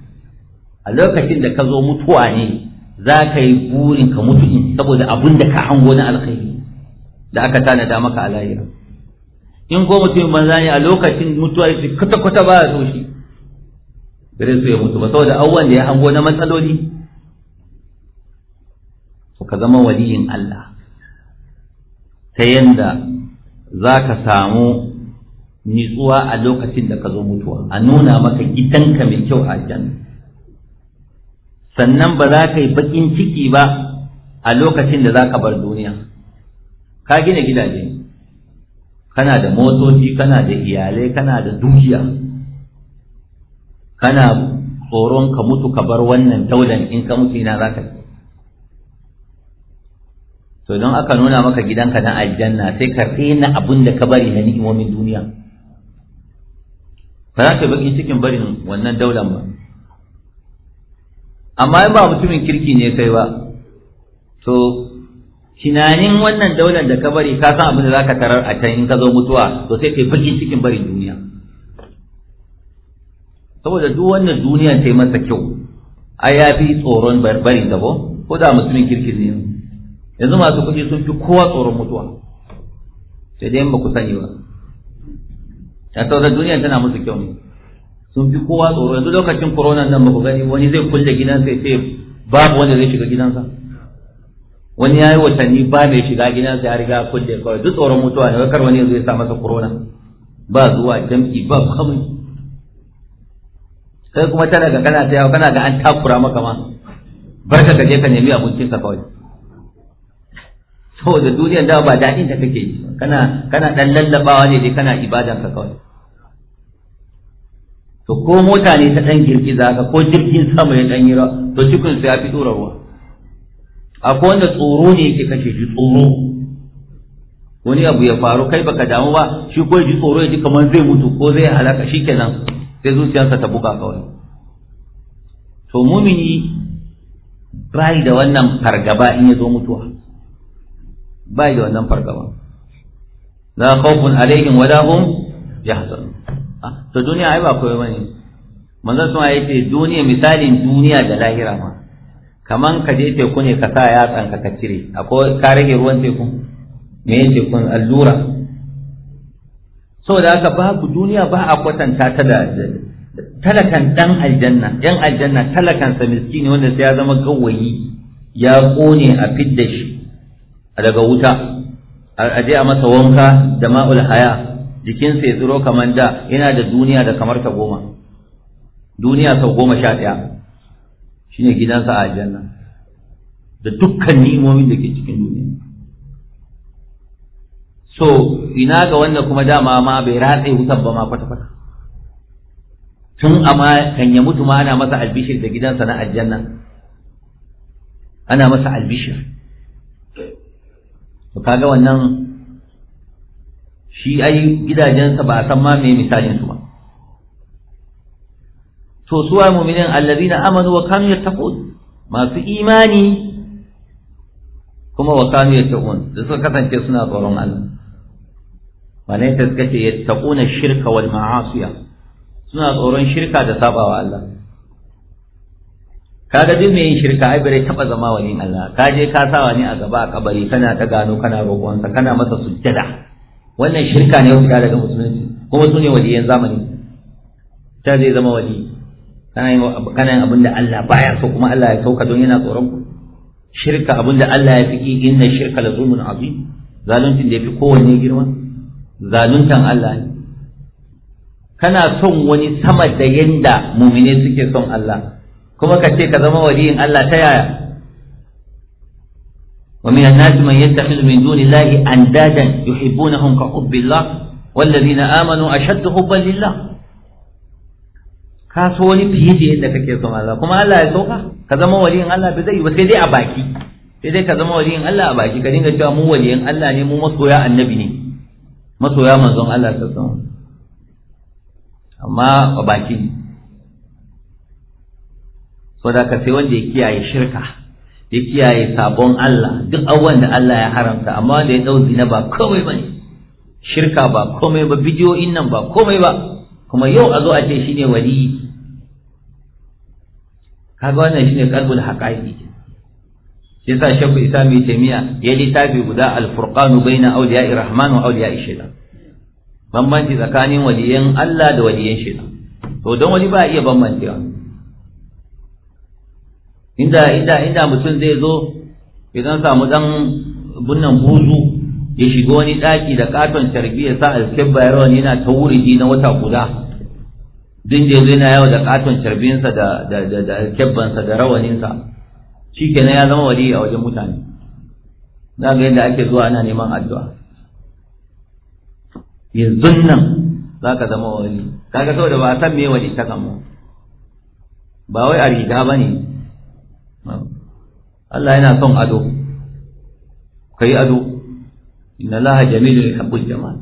a lokacin da ka zo mutuwa ne za ka yi burin ka mutu in saboda abun da ka hango na alkhairi da aka tanada maka a lahira in ko mutum ban ne a lokacin mutuwa yake kwata kwata ba so shi bare su ya mutu ba saboda awwan da ya hango na matsaloli to ka zama waliyin Allah ta yanda za ka samu nitsuwa a lokacin da ka zo mutuwa a nuna maka gidanka mai kyau a aljanna sannan ba za ka yi bakin ciki ba a lokacin da za ka bar duniya ka gina gidaje kana da motoci kana da iyalai kana da dukiya kana tsoron ka mutu ka bar wannan taudan in ka mutu ina za ka yi to don aka nuna maka gidanka na aljanna sai ka rena abin da ka bari na ni'imomin duniya ba za ka yi baki cikin barin wannan daular ba amma in ba mutumin kirki ne kai ba to tunanin wannan daular da ka bari ka san abin da zaka tarar a can in ka zo mutuwa to sai kai bakin cikin barin duniya saboda duk wannan duniya ta yi masa kyau ai ya fi tsoron barin da ko ko da mutumin kirki ne yanzu masu kuɗi sun fi kowa tsoron mutuwa sai dai in ba ku sani ba ta saboda duniya tana musu kyau ne sun fi kowa tsoro yanzu lokacin corona nan ba ku gani wani zai kulle gidansa sai babu wanda zai shiga gidansa wani ya yi watanni ba mai shiga gidansa ya riga kulle kawai duk tsoron mutuwa ne kar wani yanzu ya sa masa corona ba zuwa jam'i ba kamun kai kuma tana ga kana ta yawa kana ga an takura maka ma barka ka je ka nemi ka kawai saboda duniyar da ba daɗin da kake yi kana kana dan lallabawa ne dai kana ibadanka kawai to ko mota ne ta ɗan girgiza ka, ko jirgin sama ya ɗan yi to cikin ya fi tsorowa. ruwa akwai wanda tsoro ne yake kashe shi tsoro wani abu ya faru kai baka damu ba shi ko ji tsoro ya ji kamar zai mutu ko zai halaka shikenan sai zuciyarsa ta buga kawai to mumini bai da wannan fargaba in ya zo mutuwa bai da wannan fargaba la khawfun alaihim wala hum yahzanun to duniya ai ba koyo bane manzon sun ya ce duniya misalin duniya da lahira ma kaman ka je teku ne ka sa yatsan ka ka cire akwai ka rage ruwan teku me yake tekun allura saboda haka babu duniya ba a kwatanta ta da talakan dan aljanna yan aljanna talakan sa miskini wanda sai ya zama gawayi ya kone a fidda shi daga wuta a je a masa wanka da ma'ul haya jikinsa ya tsiro kamar da yana da duniya da kamar ta goma duniya sau goma sha ɗaya shine gidansa a aljanna da dukkan nimomin da ke cikin duniya so ina ga wannan kuma dama ma bai ratse wutar ba ma kwata-kwata tun amma kan ya mutu ma ana masa albishir da gidansa na aljanna ana masa albishir to kaga wannan shi ai gidajensa ba a san ma me misalin su ba to suwa mu'minin allazina amanu wa kanu yattaqun masu imani kuma wa kanu yattaqun da suka kasance suna tsoron Allah wane ta suka ce yattaquna shirka wal ma'asiya suna tsoron shirka da sabawa Allah kaga duk mai yin shirka ai bare taba zama wani Allah ka je ka sawa wani a gaba a kabari kana ta gano kana roƙonsa kana masa sujjada wannan shirka ne wasu daga musulunci kuma su ne waliyan zamani ta zai zama wali kana yin abin da Allah baya so kuma Allah ya sauka don yana tsoron ku shirka abin da Allah ya fiki inna shirka la zulmun azim zaluncin da yafi kowanne girma zaluntan Allah ne kana son wani sama da yanda mumine suke son Allah kuma ka ce ka zama waliyin Allah ta yaya ومن الناس من يتخذ من دون الله أندادا يحبونهم كحب الله والذين آمنوا أشد حبا لله ka so wani fiye da yadda kake son Allah kuma Allah ya so ka ka zama waliyin Allah ba zai yi ba sai dai a baki sai dai ka zama waliyin Allah a baki ka dinga cewa mu waliyin Allah ne mu masoya annabi ne masoya manzon Allah ta sama amma a baki ne saboda ka sai wanda ya kiyaye shirka ya kiyaye sabon Allah duk abubuwan da Allah ya haramta amma da ya ɗauki na ba komai ba ne, shirka ba komai ba bidiyoyin nan ba komai ba kuma yau a zo a ce shi ne wali kaga wannan shine qalbul haqaiqi yasa shafi isa mai taimiya ya littafi guda alfurqanu baina awliya'i rahman wa awliya'i shaytan bambanci tsakanin waliyan Allah da waliyan shida to don wani ba a iya bambancewa inda inda inda mutum zai zo ya zan samu dan bunnan buzu ya shiga wani daki da katon tarbiya sa alkebba ya rawani yana ta wuri na wata guda din da zai yawo da katon tarbiyinsa da da da da alkebbansa da rawaninsa shikenan ya zama wali a wajen mutane za ga yadda ake zuwa ana neman addu'a yanzu nan za ka zama wali kaga saboda ba a san me wali ta kama ba wai a riga ba ne Allah yana son ado ka yi ado inna laha jamilun yuhibbul jama'a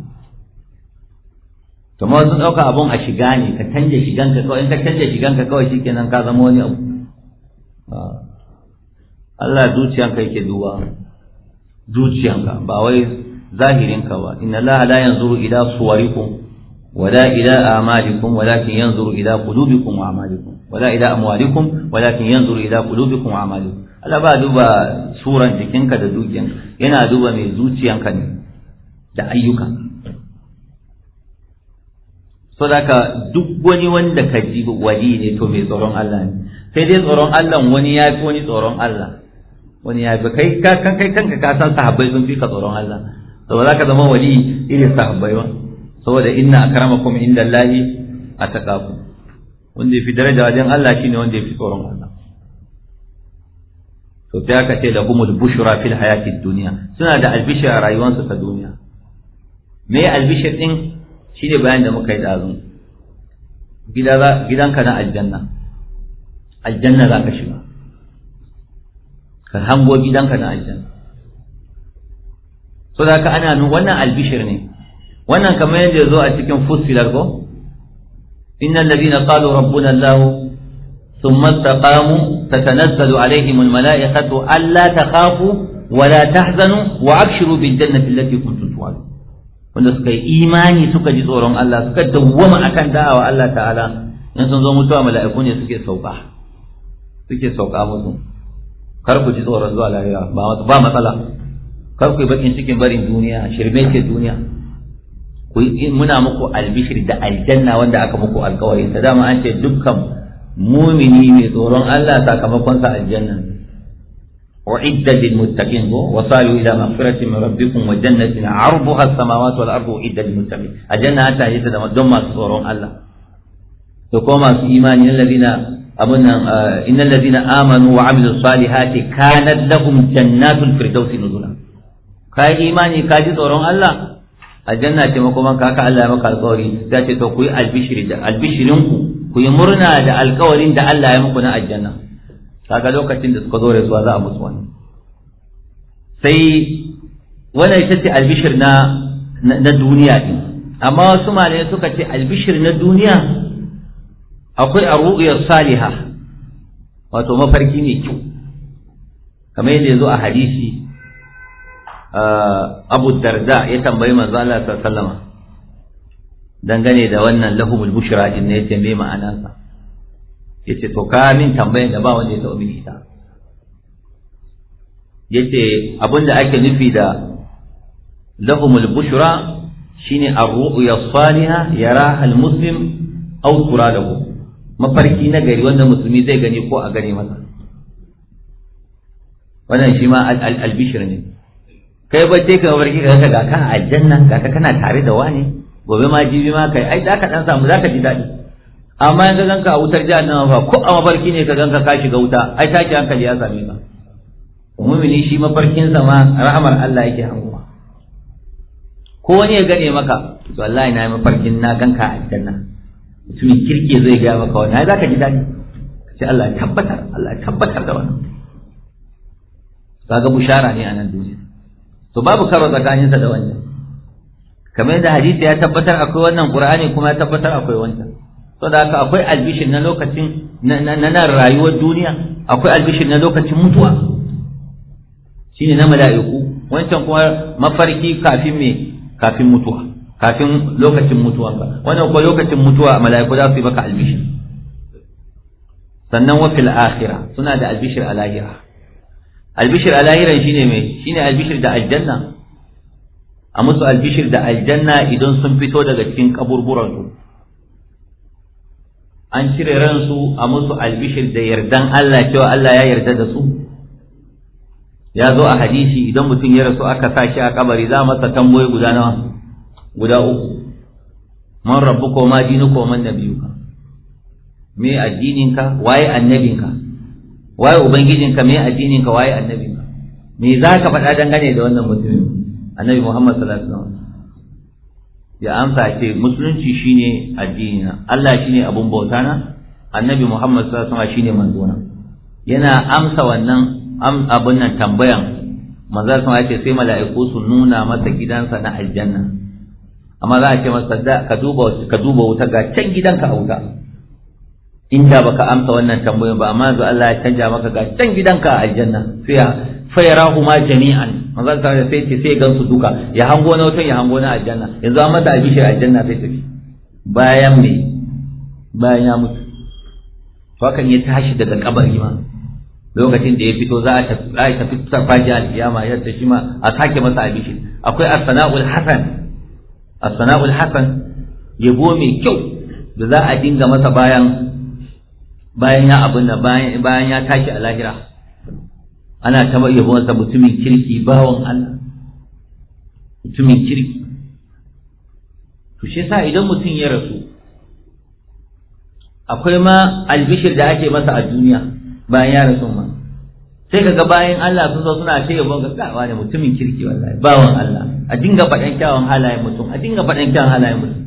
to ma sun dauka abun a shiga ne ka canja shiganka kawai in ka canja shiganka kawai shikenan ka zama wani abu ah. Allah zuciyanka yake duwa, zuciyanka ba wai zahirinka ba inna laha la yanzuru ila suwarikum ولا إلى أعمالكم ولكن ينظر إلى قلوبكم وأعمالكم ولا إلى أموالكم ولكن ينظر إلى قلوبكم وأعمالكم Allah ba duba suran jikinka da dukiyanka yana duba mai zuciyanka ne da ayyuka so daga duk wani wanda ka ji wali ne to mai tsoron Allah ne sai dai tsoron Allah wani ya fi wani tsoron Allah wani ya fi kai kanka ka san sahabbai sun fi ka tsoron Allah to za ka zama wali irin sahabbai ba saboda inna akramakum indallahi ataqakum wanda yafi daraja wajen Allah shine wanda fi tsoron Allah to sai ka ce lahumul bushra fil hayatid dunya suna da albishir a rayuwarsu ta duniya me albishir din shine bayan da muka yi dazun gidanka na aljanna aljanna za ka shiga ka hango gidanka na aljanna so da ka ana nun wannan albishir ne wannan kamar yadda zo a cikin fusilar ko innal ladina qalu rabbuna allah thumma istaqamu tatanazzalu alaihim al malaikatu alla takhafu wa la tahzanu wa abshiru bil jannati allati kuntum tu'adun wanda suka yi imani suka ji tsoron Allah suka dawwama akan da'awa Allah ta'ala in sun zo mutuwa mala'iku ne suke sauka suke sauka musu kar ku ji tsoron zuwa lahira ba matsala kar ku yi bakin cikin barin duniya shirme ce duniya muna muku albishir da aljanna wanda aka muku alkawarin ta dama an ce dukkan mumini mai tsoron Allah sakamakon sa aljanna wa idda lil muttaqin go wa salu ila maghfirati min rabbikum wa jannatin 'arduha as-samawati wal ardu idda lil muttaqin aljanna ta yi ta da don masu tsoron Allah to ko masu imani alladhina abun nan eh, innal amanu wa salihati kanat lahum jannatul imani ka ji tsoron Allah aljanna ce makoman kaka haka Allah ya maka alƙawari za ce to ku yi albishiri da albishirin ku ku yi murna da alƙawarin da Allah ya muku na aljanna kaga lokacin da suka zo rasuwa za a musu wani sai wannan ita ce albishir na na duniya din amma wasu malamai suka ce albishir na duniya akwai arru'iyar salihah wato mafarki ne kyau kamar yadda ya zo a hadisi abu darda ya tambayi manzo Allah sallama dangane da wannan lahumul bushra din ne yace me ma'ana sa yace to ka min tambayan da ba wanda ya min ita yace abinda ake nufi da lahumul bushra shine ar-ru'ya salihah yaraha al-muslim aw turadahu mafarki na gari wanda musulmi zai gani ko a gane masa wannan shi ma al-bishir ne kai bacce ka warki ka ga ka aljanna ga ka kana tare da wani gobe ma jibi ma kai ai zaka dan samu zaka ji daɗi amma yanzu ka a wutar jahannama fa ko a mafarki ne ka ganka ka shiga wuta ai taki hankali ya same ka mumini shi sa ma rahmar Allah yake hanguwa ko wani ya gane maka to wallahi na yi mafarkin na ganka a aljanna mutumin kirki zai gaya maka wani ai zaka ji daɗi sai Allah ya tabbatar Allah ya tabbatar da wannan kaga bushara ne a nan duniya to babu karo tsakaninsa da wannan kamar yadda hadisi ya tabbatar akwai wannan qur'ani kuma ya tabbatar akwai wancan saboda haka akwai albishin na lokacin na nan rayuwar duniya akwai albishin na lokacin mutuwa shine na mala'iku wancan kuma mafarki kafin me kafin mutuwa kafin lokacin mutuwa ba wannan kuma lokacin mutuwa mala'iku za su yi maka albishin. sannan wa fil akhirah suna da albishir a lahira albishir a lahiran shine mai shine albishir da aljanna a musu albishir da aljanna idan sun fito daga cikin kaburburansu an cire ransu a musu albishir da yardan Allah cewa Allah ya yarda da su ya zo a hadisi idan mutum ya rasu aka sa shi a kabari za masa tamboyi guda nawa guda uku man rabbuka ma dinuka man nabiyuka me ka? waye ka? waye ubangijinka me addinin ka waye annabi ka me za ka faɗa dangane da wannan mutumin annabi muhammad sallallahu alaihi wasallam ya amsa ce musulunci shine addini na Allah shine abun bauta na annabi muhammad sallallahu alaihi wasallam shine manzo na yana amsa wannan abun nan tambayan manzo sallallahu alaihi sai mala'iku su nuna masa gidansa na aljanna amma za a ce masa ka duba ka duba wuta ga can gidanka a wuta inda baka amsa wannan tambayoyin ba amma yanzu Allah ya canja maka ga can gidanka a aljanna sai fayara huma jami'an manzo ta sai ce sai gansu duka ya hango na wutan ya hango na aljanna yanzu an mata abishir aljanna sai tafi bayan me bayan ya mutu to hakan ya tashi daga kabari ma lokacin da ya fito za a tafi faji alkiyama ya shi ma a sake masa abishir akwai as-sana'ul hasan as-sana'ul hasan yabo mai kyau da za a dinga masa bayan bayan ya abin da bayan ya tashi a lahira ana ta yabonsa mutumin kirki bawan Allah mutumin kirki to shi yasa idan mutum ya rasu akwai ma albishir da ake masa a duniya bayan ya rasu ma sai kaga bayan Allah sun zo suna ce yabon ga ne mutumin kirki wallahi bawan Allah a dinga faɗan kyawun halayen mutum a dinga faɗan kyawun halayen mutum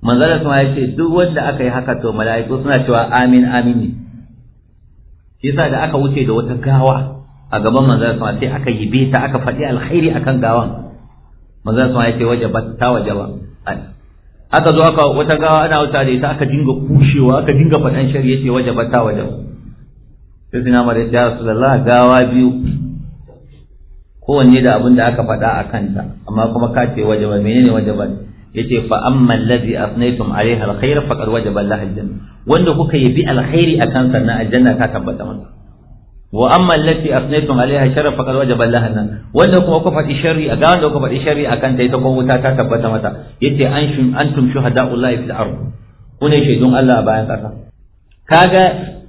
manzara kuma ya ce duk wanda aka yi haka to mala'iku suna cewa amin amin ne yasa da aka wuce da wata gawa a gaban manzara kuma sai aka yi beta aka faɗi alkhairi akan gawan manzara kuma ya ce ba ta ba aka zo aka wata gawa ana wuta da ita aka dinga kushewa aka dinga faɗan shari'a ce ba ta ba sai suna mara ya rasulullah gawa biyu kowanne da abin da aka faɗa a kanta amma kuma ka ce ba menene ba ne yace fa amma allazi asnaytum alaiha alkhair faqad wajaba lahu aljanna wanda kuka yabi alkhairi akan sannan aljanna ta tabbata masa wa amma allati asnaytum alaiha sharra faqad wajaba lahu annan wanda kuma kuka faɗi sharri a ga wanda kuka faɗi sharri akan ta ita kuma wuta ta tabbata mata yace an shum antum shuhada'ullahi fil ard kune shaidun Allah a bayan ƙasa kaga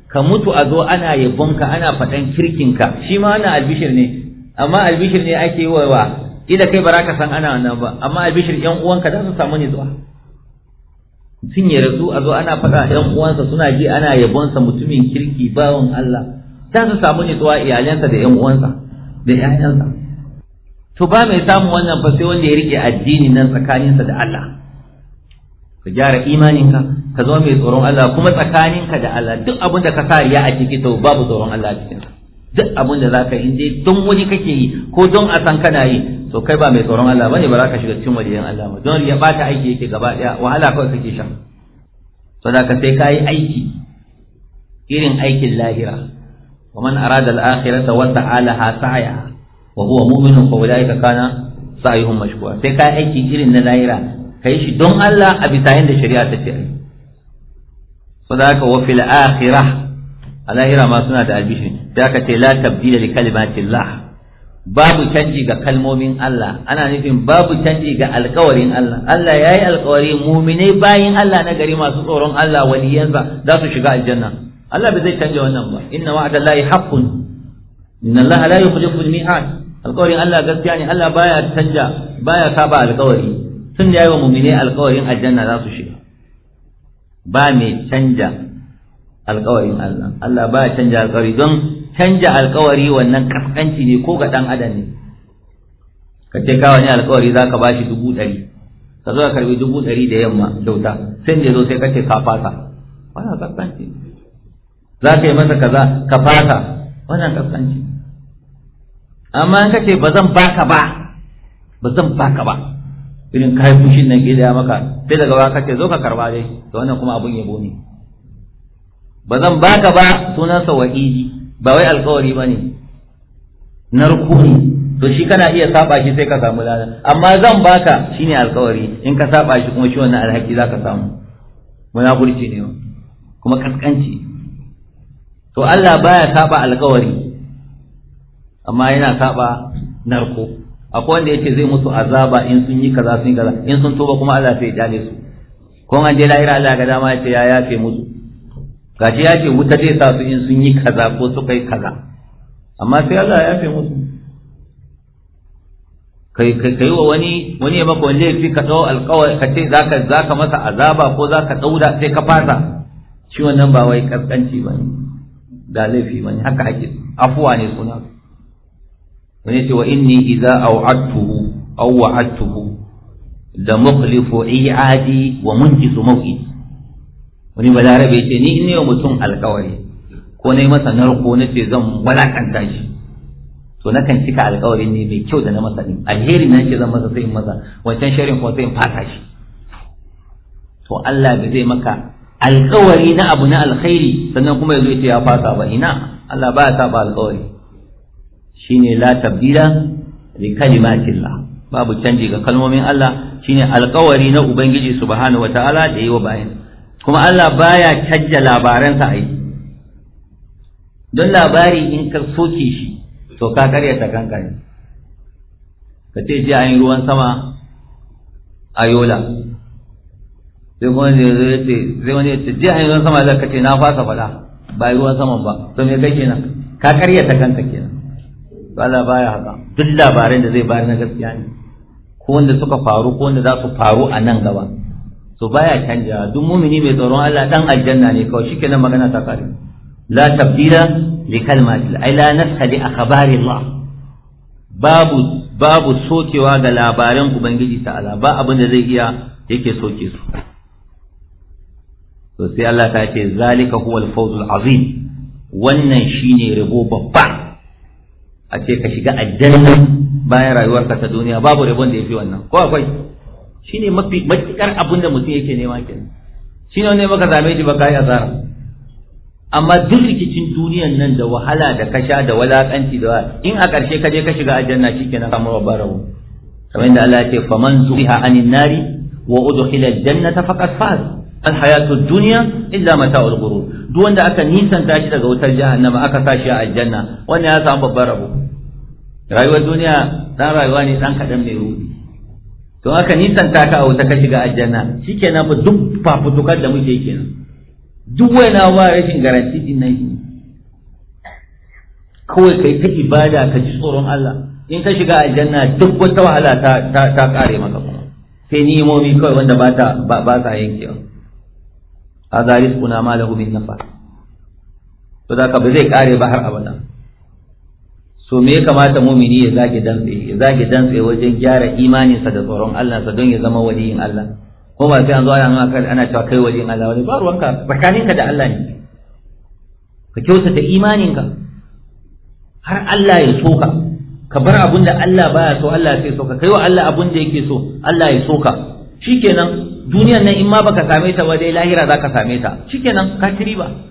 ka mutu a zo ana yabonka ana faɗan kirkinka shi ma ana albishir ne amma albishir ne ake yi wa kila kai baraka san ana wannan ba amma albishir yan uwanka za su samu nutsuwa sun ya rasu a zo ana faɗa yan uwansa suna ji ana yabonsa mutumin kirki bawan Allah za su samu nutsuwa iyalansa da yan uwansa da ƴaƴansa to ba mai samu wannan fa sai wanda ya rike addini nan tsakaninsa da Allah ka gyara imaninka ka zama mai tsoron Allah kuma tsakaninka da Allah duk abin da ka sa riya a ciki to babu tsoron Allah a ka. duk abin da zaka yi dai don wani kake yi ko don a san kana yi to kai ba mai tsoron Allah bane ba za ka shiga cikin waliyan Allah ba don ya bata aiki yake gaba daya wahala kawai kake sha saboda ka sai kai aiki irin aikin lahira ومن أراد الآخرة وسعى لها سعيها وهو مؤمن فأولئك كان سعيهم مشكورا sai kai aiki irin na lahira kai shi don Allah a bisa yanda shari'a ta ce sadaka wa fil akhirah a lahira ma suna da albishi da ka ce la tabdila li kalimatillah babu canji ga kalmomin Allah ana nufin babu canji ga alkawarin Allah Allah ya yi alkawari muminai bayin Allah na gari masu tsoron Allah waliyansa za su shiga aljanna Allah bai zai canja wannan ba inna wa'adallahi haqqun inna Allah la yukhlifu al-mi'ad alkawarin Allah gaskiya ne Allah baya canja baya saba alkawari sun da yawa muminai alkawarin aljanna za su shiga ba mai canja alkawarin Allah Allah baya canja alkawari don canja alkawari wannan kaskanci ne ko ga dan adam ne ka ce ka wani alkawari za ka bashi dubu ɗari ka zo ka karbi dubu ɗari da yamma kyauta sai da zo sai ka ce ka fasa wannan kaskanci za ka yi masa kaza ka fasa wannan kaskanci amma in ka ce ba zan baka ba ba zan baka ba irin kai fushin nan gida maka sai daga baka ce zo ka karba dai to wannan kuma abun yabo ne ba zan baka ba sunansa wa'idi ba wai alkawari ba ne narko rukuni to shi kana iya saba shi sai ka samu lada amma zan baka shine alkawari in ka saba shi kuma shi wannan alhaki za ka samu munafurci ne kuma kaskanci to Allah baya saba alkawari amma yana saba narko akwai wanda yace zai musu azaba in sun yi kaza sun yi kaza in sun tuba kuma Allah sai ya dale su ko an je lahira Allah ga dama yace ya yafe musu Gaji ya ce wuta zai sa su in sun yi kaza ko suka yi kaza amma sai Allah ya fi musu kai kai wa wani wani ya maka ya fi ka dau alƙawari ka ce zaka zaka masa azaba ko zaka dauda sai ka fasa shi wannan ba wai kaskanci ne da laifi ba ne haka ake afuwa ne suna wani ce wa inni idza au'attuhu aw wa'adtuhu da mukhlifu i'adi wa munjizu maw'idi wani balarabe ce ni in yau mutum alkawari ko na yi masa narko na ce zan walakanta shi to na kan cika alkawari ne mai kyau da na masa ne alheri na ce zan masa sai in masa wancan sharin kuma sai in fata shi to Allah ba zai maka alkawari na abu na alkhairi sannan kuma ya ya fasa ba ina Allah ba ya saba alkawari shine la tabdila li kalimatillah babu canji ga kalmomin Allah shine alkawari na ubangiji subhanahu wataala da yi wa bayan kuma Allah baya canja labaransa a yi don labari in ka soke shi to ka ta kanka ne ka ce ji an yi ruwan sama a yola sai kuma zai wani ce ji an yi ruwan sama zai ka ce na fasa fada ba yi ruwan sama ba to me kai kenan ka ta kanka kenan to Allah baya haka duk labaran da zai bayar na gaskiya ne ko wanda suka faru ko wanda za su faru a nan gaba to baya canja duk mumini mai tsoron Allah dan aljanna ne kawai shikenan magana ta kare la tabdila li kalmati ai la nafsa li akhbari Allah babu babu sokewa ga labaran ubangiji ta'ala ba abin da zai iya yake soke su to sai Allah ta ce zalika huwal fawzul azim wannan shine rabo babba a ce ka shiga aljanna bayan rayuwarka ta duniya babu rabon da yafi wannan ko akwai shine mafi matukar abin da mutum yake nema kenan ne wanda baka zame shi baka yi asara amma duk rikicin duniyan nan da wahala da kasha da walakanci da in a ƙarshe ka je ka shiga aljanna shikenan kamar babarawo kamar yadda Allah ya ce faman zuhiha anin nari wa udkhila aljannata faqad faz alhayatu dunya illa mata'ul ghurur duk wanda aka nisanta shi daga wutar jahannama aka sa shi a aljanna wannan ya samu babbar rabo rayuwar duniya dan rayuwa ne dan kadan mai rubi To haka nisanta ka a wuta ka shiga aljanna shikenan fa duk fafutukar da muke kenan duk waina ba rashin garanti din nan ne kawai kai ta ibada ka ji tsoron Allah in ka shiga aljanna duk wata wahala ta ta kare maka kuma sai ni'imomi kawai wanda ba ta ba sa yankewa a kuna malahu lahu min nafa to da ka ba zai kare ba har abada to me ya kamata mumini ya zage dantse ya zage dantse wajen gyara imaninsa da tsoron Allah sa don ya zama waliyin Allah ko ba sai an zo ana ana cewa kai waliyin Allah wani ba ruwanka tsakaninka da Allah ne ka kyautata imaninka har Allah ya so ka ka bar abun da Allah baya so Allah sai so ka kai wa Allah abun da yake so Allah ya so ka shikenan duniyar nan in ma baka same ta ba dai lahira zaka same ta shikenan ka ci ba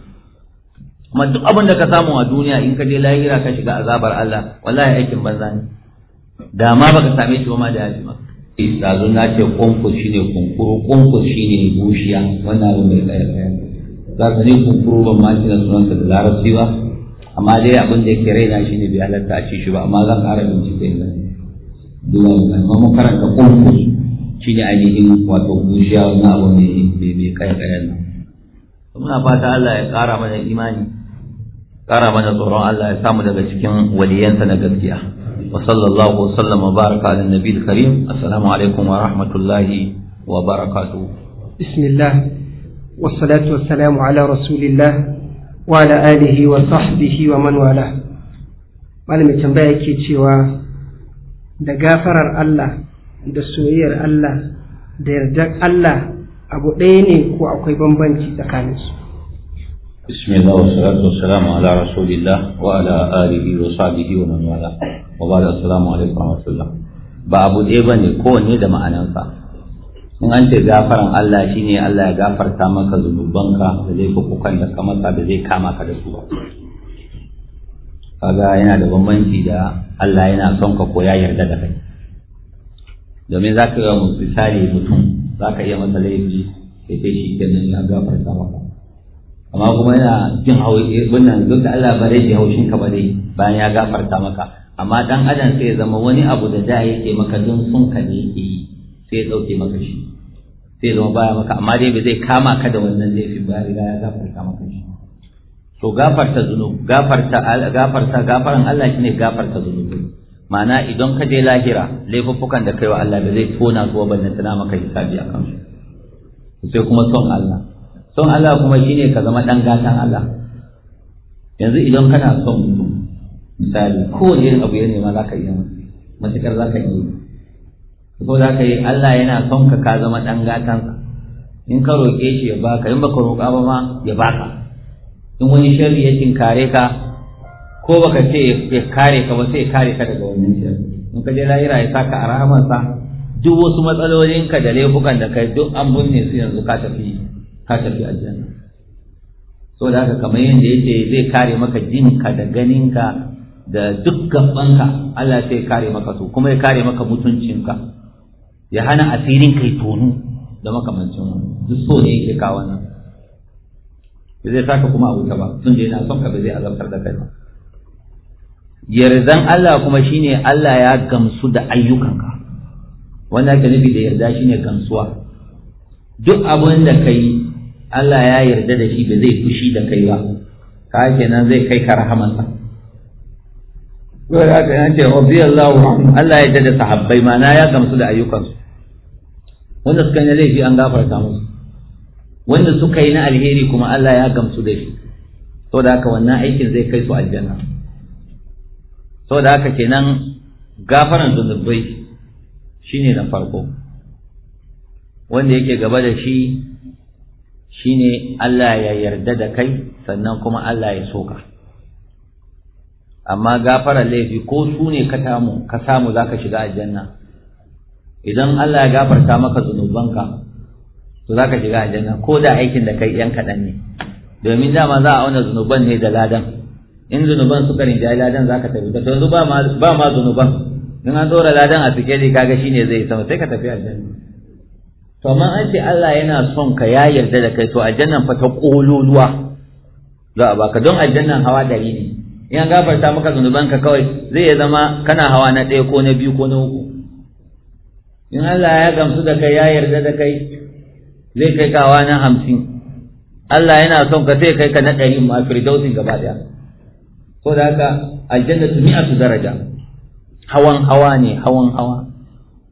amma duk abin da ka samu a duniya in ka je lahira ka shiga azabar Allah wallahi aikin banza ne da ma baka same shi ba ma da yaji maka isazu eh, na ce kunku shine kunkuru kunku shine bushiya wannan abu mai ya tsaya za ka ne kunkuru ban ma da sunan da larabci ba amma dai abin da yake raina shine bai halatta a ci shi ba amma zan ƙara bincike ina ne amma mun karanta kunkus shine ainihin wato bushiya wannan abu mai mai kai kayan nan muna fata Allah ya ƙara mana imani kara mana tsoron Allah ya samu daga cikin waliyansa na gaskiya wa sallallahu sallama baraka ala nabiyil karim assalamu alaikum wa rahmatullahi wa barakatuh bismillah wassalatu wassalamu ala rasulillah wa ala alihi wa sahbihi wa man wala malamin tambaya yake cewa da gafarar Allah da soyayyar Allah da yardar Allah abu ɗaya ne ko akwai bambanci tsakaninsu بسم الله والصلاة والسلام على رسول الله وعلى آله وصحبه ومن والاه وبعد السلام عليكم ورحمة الله ba abu ɗaya ba kowanne da ma'anarsa. in an ce gafaran Allah shine Allah ya gafarta maka zunubanka da laifukan da ka masa da zai kama ka da su ba kaga yana da bambanci da Allah yana son ka ko yarda da kai domin za ka yi wa misali mutum za ka iya masa laifi sai kai shi kenan ya gafarta maka amma kuma yana jin haushi wannan eh, duk da Allah ba zai ji haushin ka ba dai bayan ya gafarta maka amma dan adam sai ya zama wani abu da da yake maka don sun ka ne yake yi sai ya dauke maka shi sai zama baya maka amma dai ba zai kama ka da wannan laifin ba riga ya gafarta maka shi to gafarta zunub gafarta gafarta gafaran Allah shine gafarta zunubi ma'ana idan ka je lahira laifuffukan da kai wa Allah ba zai tona zuwa ba tana maka hisabi akan su sai kuma son Allah son Allah kuma shine ka zama dan gatan Allah yanzu idan kana son mutum misali kowane irin abu ya nema za ka yi matuƙar za ka yi ko za ka yi Allah yana son ka ka zama dan gatansa in ka roƙe shi ya baka in baka roƙa ba ma ya baka in wani sharri ya kare ka ko baka ce ya kare ka ba sai ya kare ka daga wannan sharri in ka je lahira ya saka a sa, duk wasu matsalolinka da laifukan da kai duk an binne su yanzu ka tafi ka tafi aljanna saboda haka kamar yadda yake zai kare maka jinka da ganinka da duk gabanka Allah sai kare maka su kuma ya kare maka mutuncinka ya hana asirin kai tonu da makamancin duk so ne yake kawo nan ba zai saka kuma a wuta ba tun da yana son ka zai azabtar da kai ba yardan Allah kuma shine Allah ya gamsu da ayyukanka wanda ake nufi da yarda shine gamsuwa duk abin da kai Allah ya yarda da shi ba zai fushi da kai ba ka kenan zai kai ka rahamansa saboda haka yana ce radiyallahu anhu Allah ya yarda da sahabbai ma na ya gamsu da ayyukansu wanda suka yi laifi an gafarta musu wanda suka yi na alheri kuma Allah ya gamsu da shi da haka wannan aikin zai kai su aljanna da haka kenan gafaran zunubai shine na farko wanda yake gaba da shi shine Allah ya yarda da kai sannan kuma Allah ya soka amma gafara laifi ko su ne ka samu ka samu zaka shiga aljanna idan Allah ya gafarta maka zunubanka to zaka shiga aljanna ko da aikin da kai yan kadan ne domin dama za a auna zunuban ne da ladan in zunuban suka rinja ladan zaka tafi to yanzu ba ma ba ma zunuban in an dora ladan a ne kaga shine zai sama sai ka tafi aljanna to amma an ce Allah yana son ka ya yarda da kai to aljannan fa ta kololuwa za a baka don aljannan hawa dari ne in gafarta maka zunubanka kawai zai ya zama kana hawa na ɗaya ko na biyu ko na uku in Allah ya gamsu da kai ya yarda da kai zai kai kawa na hamsin Allah yana son ka zai kai ka na ɗari ma firdausin gaba ɗaya saboda da haka aljanna mi'atu daraja hawan hawa ne hawan hawa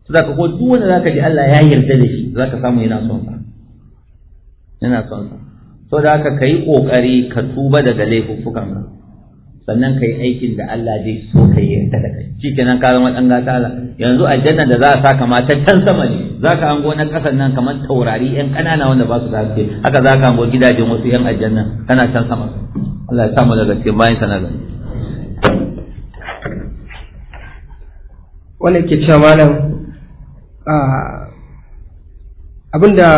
zaka ko duk wanda zaka ji Allah ya yarda da shi zaka samu yana son sa yana son sa so da haka kai kokari ka tuba daga laifuffukan ka sannan kai aikin da Allah zai so ka yi ta da kai kenan ka zama dan gata Allah yanzu aljanna da za a saka ma ta can sama ne zaka ango na kasan nan kamar taurari ƴan kanana wanda ba su da haske haka zaka ango gidajen wasu yan aljanna kana can sama Allah ya samu daga cikin bayin sana da wannan ke cewa malam abinda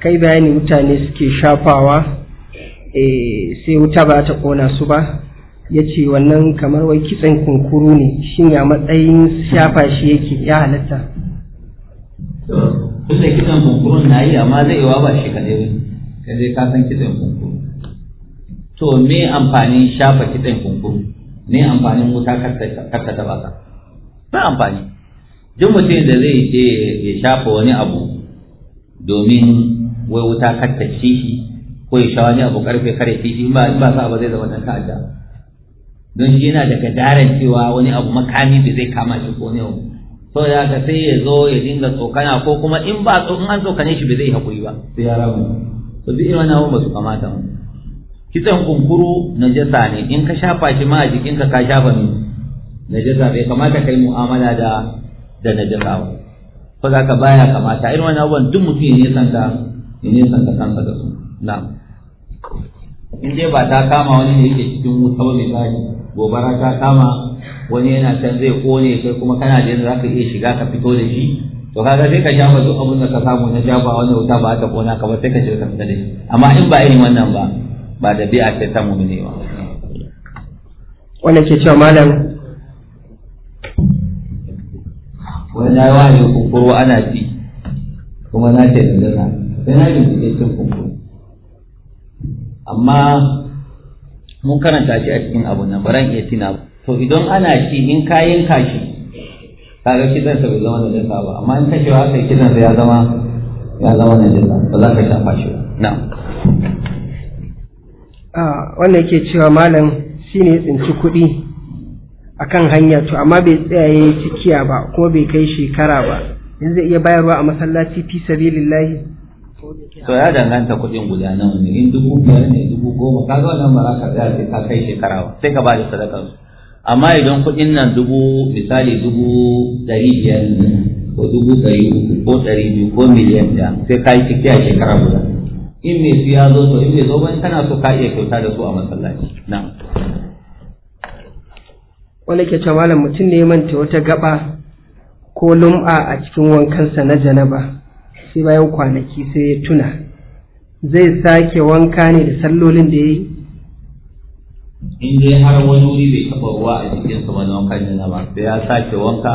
kai bayani mutane suke shafawa eh, sai wuta ba ta kona su ba ya ce wannan kamar wai kitsen kunkuru ne ne ya matsayin shafa shi yake ya halatta kusa da kitsen kunkuru na yi amma zai yi ba shi kadai ka zai ka san kitsen kunkuru to me amfani shafa kitsen kunkuru me amfanin wuta kar ta taba ka ba amfani duk mutum da zai je ya shafa wani abu domin wai wuta katta ci shi ko ya sha wani abu karfe kare ci shi ba ba sa ba zai zama dan ta'adda don shi yana daga daren cewa wani abu makami da zai kama shi ko ne so ya haka sai ya zo ya dinga tsokana ko kuma in ba in an tsokane shi ba zai haƙuri ba sai ya rabu to duk irin wannan ba su kamata ba kitsan kunkuru jasa ne in ka shafa shi ma a jikinka ka shafa ne jasa bai kamata kai mu'amala da da najasawa ko za ka baya kamata irin wani abubuwan duk mutum ya nisanta ya nisanta kansa da su na in dai ba ta kama wani ne yake cikin wuta ba mai misali gobara ta kama wani yana can zai kone kai kuma kana da yadda ka iya shiga ka fito da shi to kaga sai ka shafa duk abin da ka samu na ba wani wuta ba ta kona ka ba sai ka shiga ka fita da shi amma in ba irin wannan ba ba da bi'a ce ta ne ba wannan ke cewa malam wani na yawa ne kunkuru ana bi kuma na ce da zana sai na bincike cin kunkuru amma mun karanta shi a cikin abu nan baran iya tina to idan ana shi in ka yanka shi kaga kidan sa bai zama da jinka ba amma in ka shi haka kidan sa ya zama ya zama da jinka ba za ka shafa shi ba na'am ah, wannan yake cewa malam shine ya tsinci kuɗi akan hanya to amma bai tsayaye cikiya ba kuma bai kai shekara ba in zai iya bayarwa a masallaci fi sabilillahi to ya danganta kuɗin guda nan ne in dubu biyar ne dubu goma ka ga wannan mara ka tsaya sai ka kai shekara ba sai ka ba da sadaka amma idan kuɗin nan dubu misali dubu ɗari biyar ko dubu ɗari uku ko ɗari biyu ko miliyan da sai ka yi cikiya shekara guda in mai su ya zo to in mai zo ba kana so ka iya kyauta da su a masallaci na'am wani ke cewa malam mutum ne manta wata gaba ko lum'a a cikin wankansa na janaba sai bayan kwanaki sai ya tuna zai sake wanka ne da sallolin da ya yi in dai har wani wuri bai taɓa ruwa a sa wani wankan ba sai ya sake wanka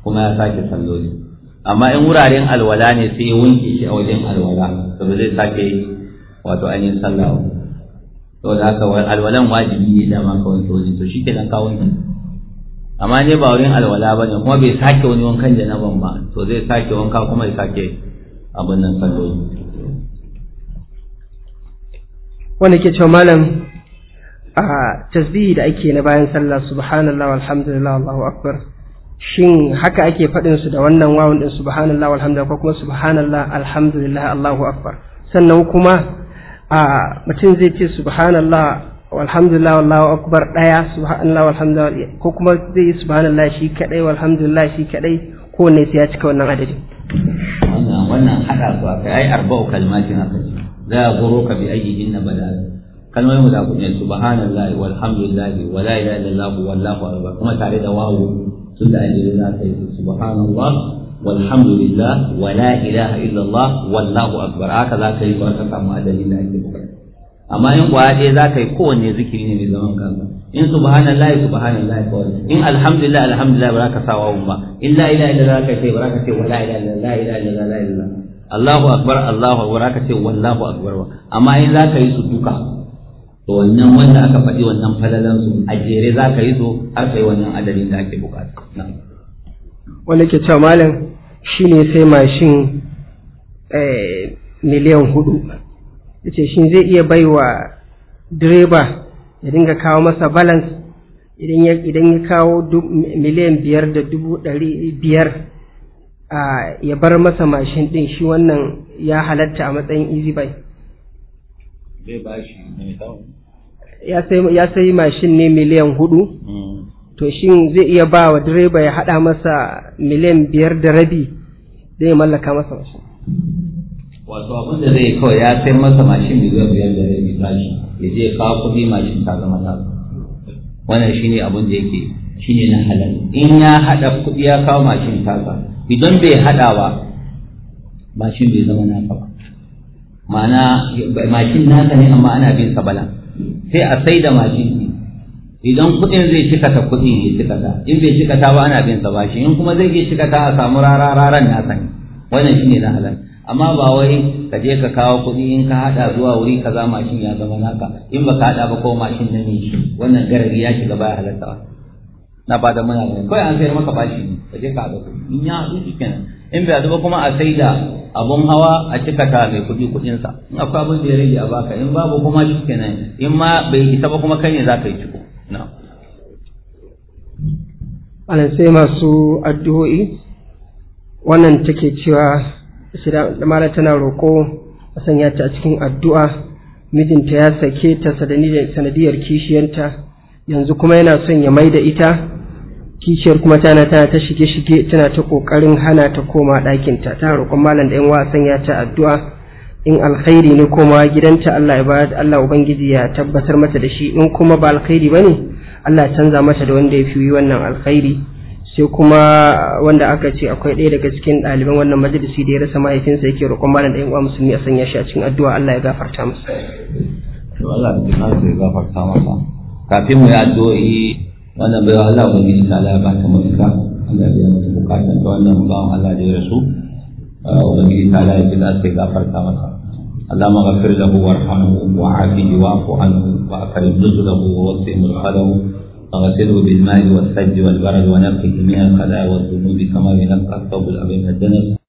kuma ya sake salloli amma in wuraren alwala ne sai ya wanke shi a wajen alwala saboda zai sake wato ainihin sallah saboda haka alwalan wajibi ne da ka wanke wajen to shi kenan ka wanke amma ne ba wurin alwala ba ne kuma bai sake wani wankan janaban ba to zai sake wanka kuma ya sake abin nan salloli wanda ke cewa malam a tasbihi da ake na bayan sallah subhanallah walhamdulillah allahu akbar shin haka ake faɗin su da wannan wawun din subhanallah walhamdulillah ko kuma subhanallah alhamdulillah allahu akbar sannan kuma a mutum zai ce subhanallah walhamdulillah wallahu akbar daya subhanallah walhamdulillah ko kuma zai yi subhanallah shi kadai walhamdulillah shi kadai ko ne sai ya cika wannan adadin wannan wannan hada su akai ai arba'u kalmatin a la ka bi ayyihin badal kalmomin da ku ne subhanallah walhamdulillah wa la ilaha illallah wallahu akbar kuma tare da wawu sun da ajiri za ka yi subhanallah walhamdulillah wa la ilaha illallah wallahu akbar haka za ka yi ba ka samu da ake bukata amma in kwaya ɗaya za ka yi kowanne zikiri ne mai zaman kansa in subhanallah subhanallah kawai in alhamdulillah alhamdulillah ba za ka sawa ba in la ilaha illallah ka ce ba za ka ce wala ilaha illallah la ilaha illallah la ilaha Allahu akbar Allahu akbar ka ce wallahu akbar amma in za ka yi su duka to wannan wanda aka faɗi wannan falalan su a jere za ka yi su har kai wannan adadin da ake bukata wanda ke cewa malam shine sai mashin eh, miliyan hudu yace shin zai iya baiwa direba ya dinga kawo masa balance idan ya idan ya kawo miliyan biyar da dubu ɗari biyar ya bar masa mashin ɗin shi wannan ya halatta a matsayin easy buy ya sai mashin ne miliyan hudu hmm. to shin zai iya ba wa direba ya haɗa masa miliyan biyar da rabi zai mallaka masa mashin wato abin da zai kawai ya sai masa mashin zai biyar da zai tashi ya je kawo kuɗi mashin ta zama ta wannan shine abin da yake shine na halal in ya haɗa kuɗi ya kawo mashin ta idan bai haɗa ba mashin bai zama naka ba ma'ana mashin naka ne amma ana bin sa bala sai a sai da mashin idan kuɗin zai cikata kuɗin ya cikata in bai cikata ba ana bin sa bashi in kuma zai iya cikata a samu rarararan nasa ne wannan shine na halal amma ba wai ka je ka kawo kuɗi in ka haɗa zuwa wuri kaza mashin ya zama naka in ba ka haɗa ba ko mashin na ne shi wannan garari ya shiga baya halatta na ba da muna ne kawai an sayar maka bashi ne ka je ka haɗa kuɗi in ya haɗu shi kenan in bai haɗu ba kuma a sai da abun hawa a cika ta mai kuɗi kuɗinsa in akwai abin da ya rage a baka in babu kuma shi kenan in ma bai isa ba kuma kai ne za ka yi ciko na. ana sai masu addu'o'i wannan take cewa da tana roƙo a sanya ta a cikin addu'a mijinta ya sake ta sanadiyar kishiyarta, yanzu kuma yana son ya mai da ita kishiyar kuma tana tana ta shige shige tana ta ƙoƙarin hana ta koma ɗakinta ta roƙon malam da yan wa sanya ta addu'a in alkhairi ne koma gidanta Allah ya Allah ubangiji ya tabbatar mata da shi in kuma ba alkhairi bane Allah ya canza mata da wanda ya fi wannan alkhairi sai kuma wanda aka ce akwai ɗaya daga cikin ɗaliban wannan majalisi da ya rasa mahaifinsa yake roƙon malam da uwa musulmi a sanya shi a cikin addu'a Allah ya gafarta masa to Allah ya gafarta masa kafin mu yi addu'o'i wannan bai Allah ba gidi ta Allah ya ba ta mafita Allah ya mata bukatun da wannan bawan Allah da ya rasu ah, ubangiji ta Allah ya ji da sai gafarta masa اللهم اغفر له وارحمه وعافه واعف عنه واكرم نزله ووسع مدخله فغسله بالماء والثلج والبرد ونفخ جميع الخلايا والذنوب كما ينقى الثوب الابيض الدنس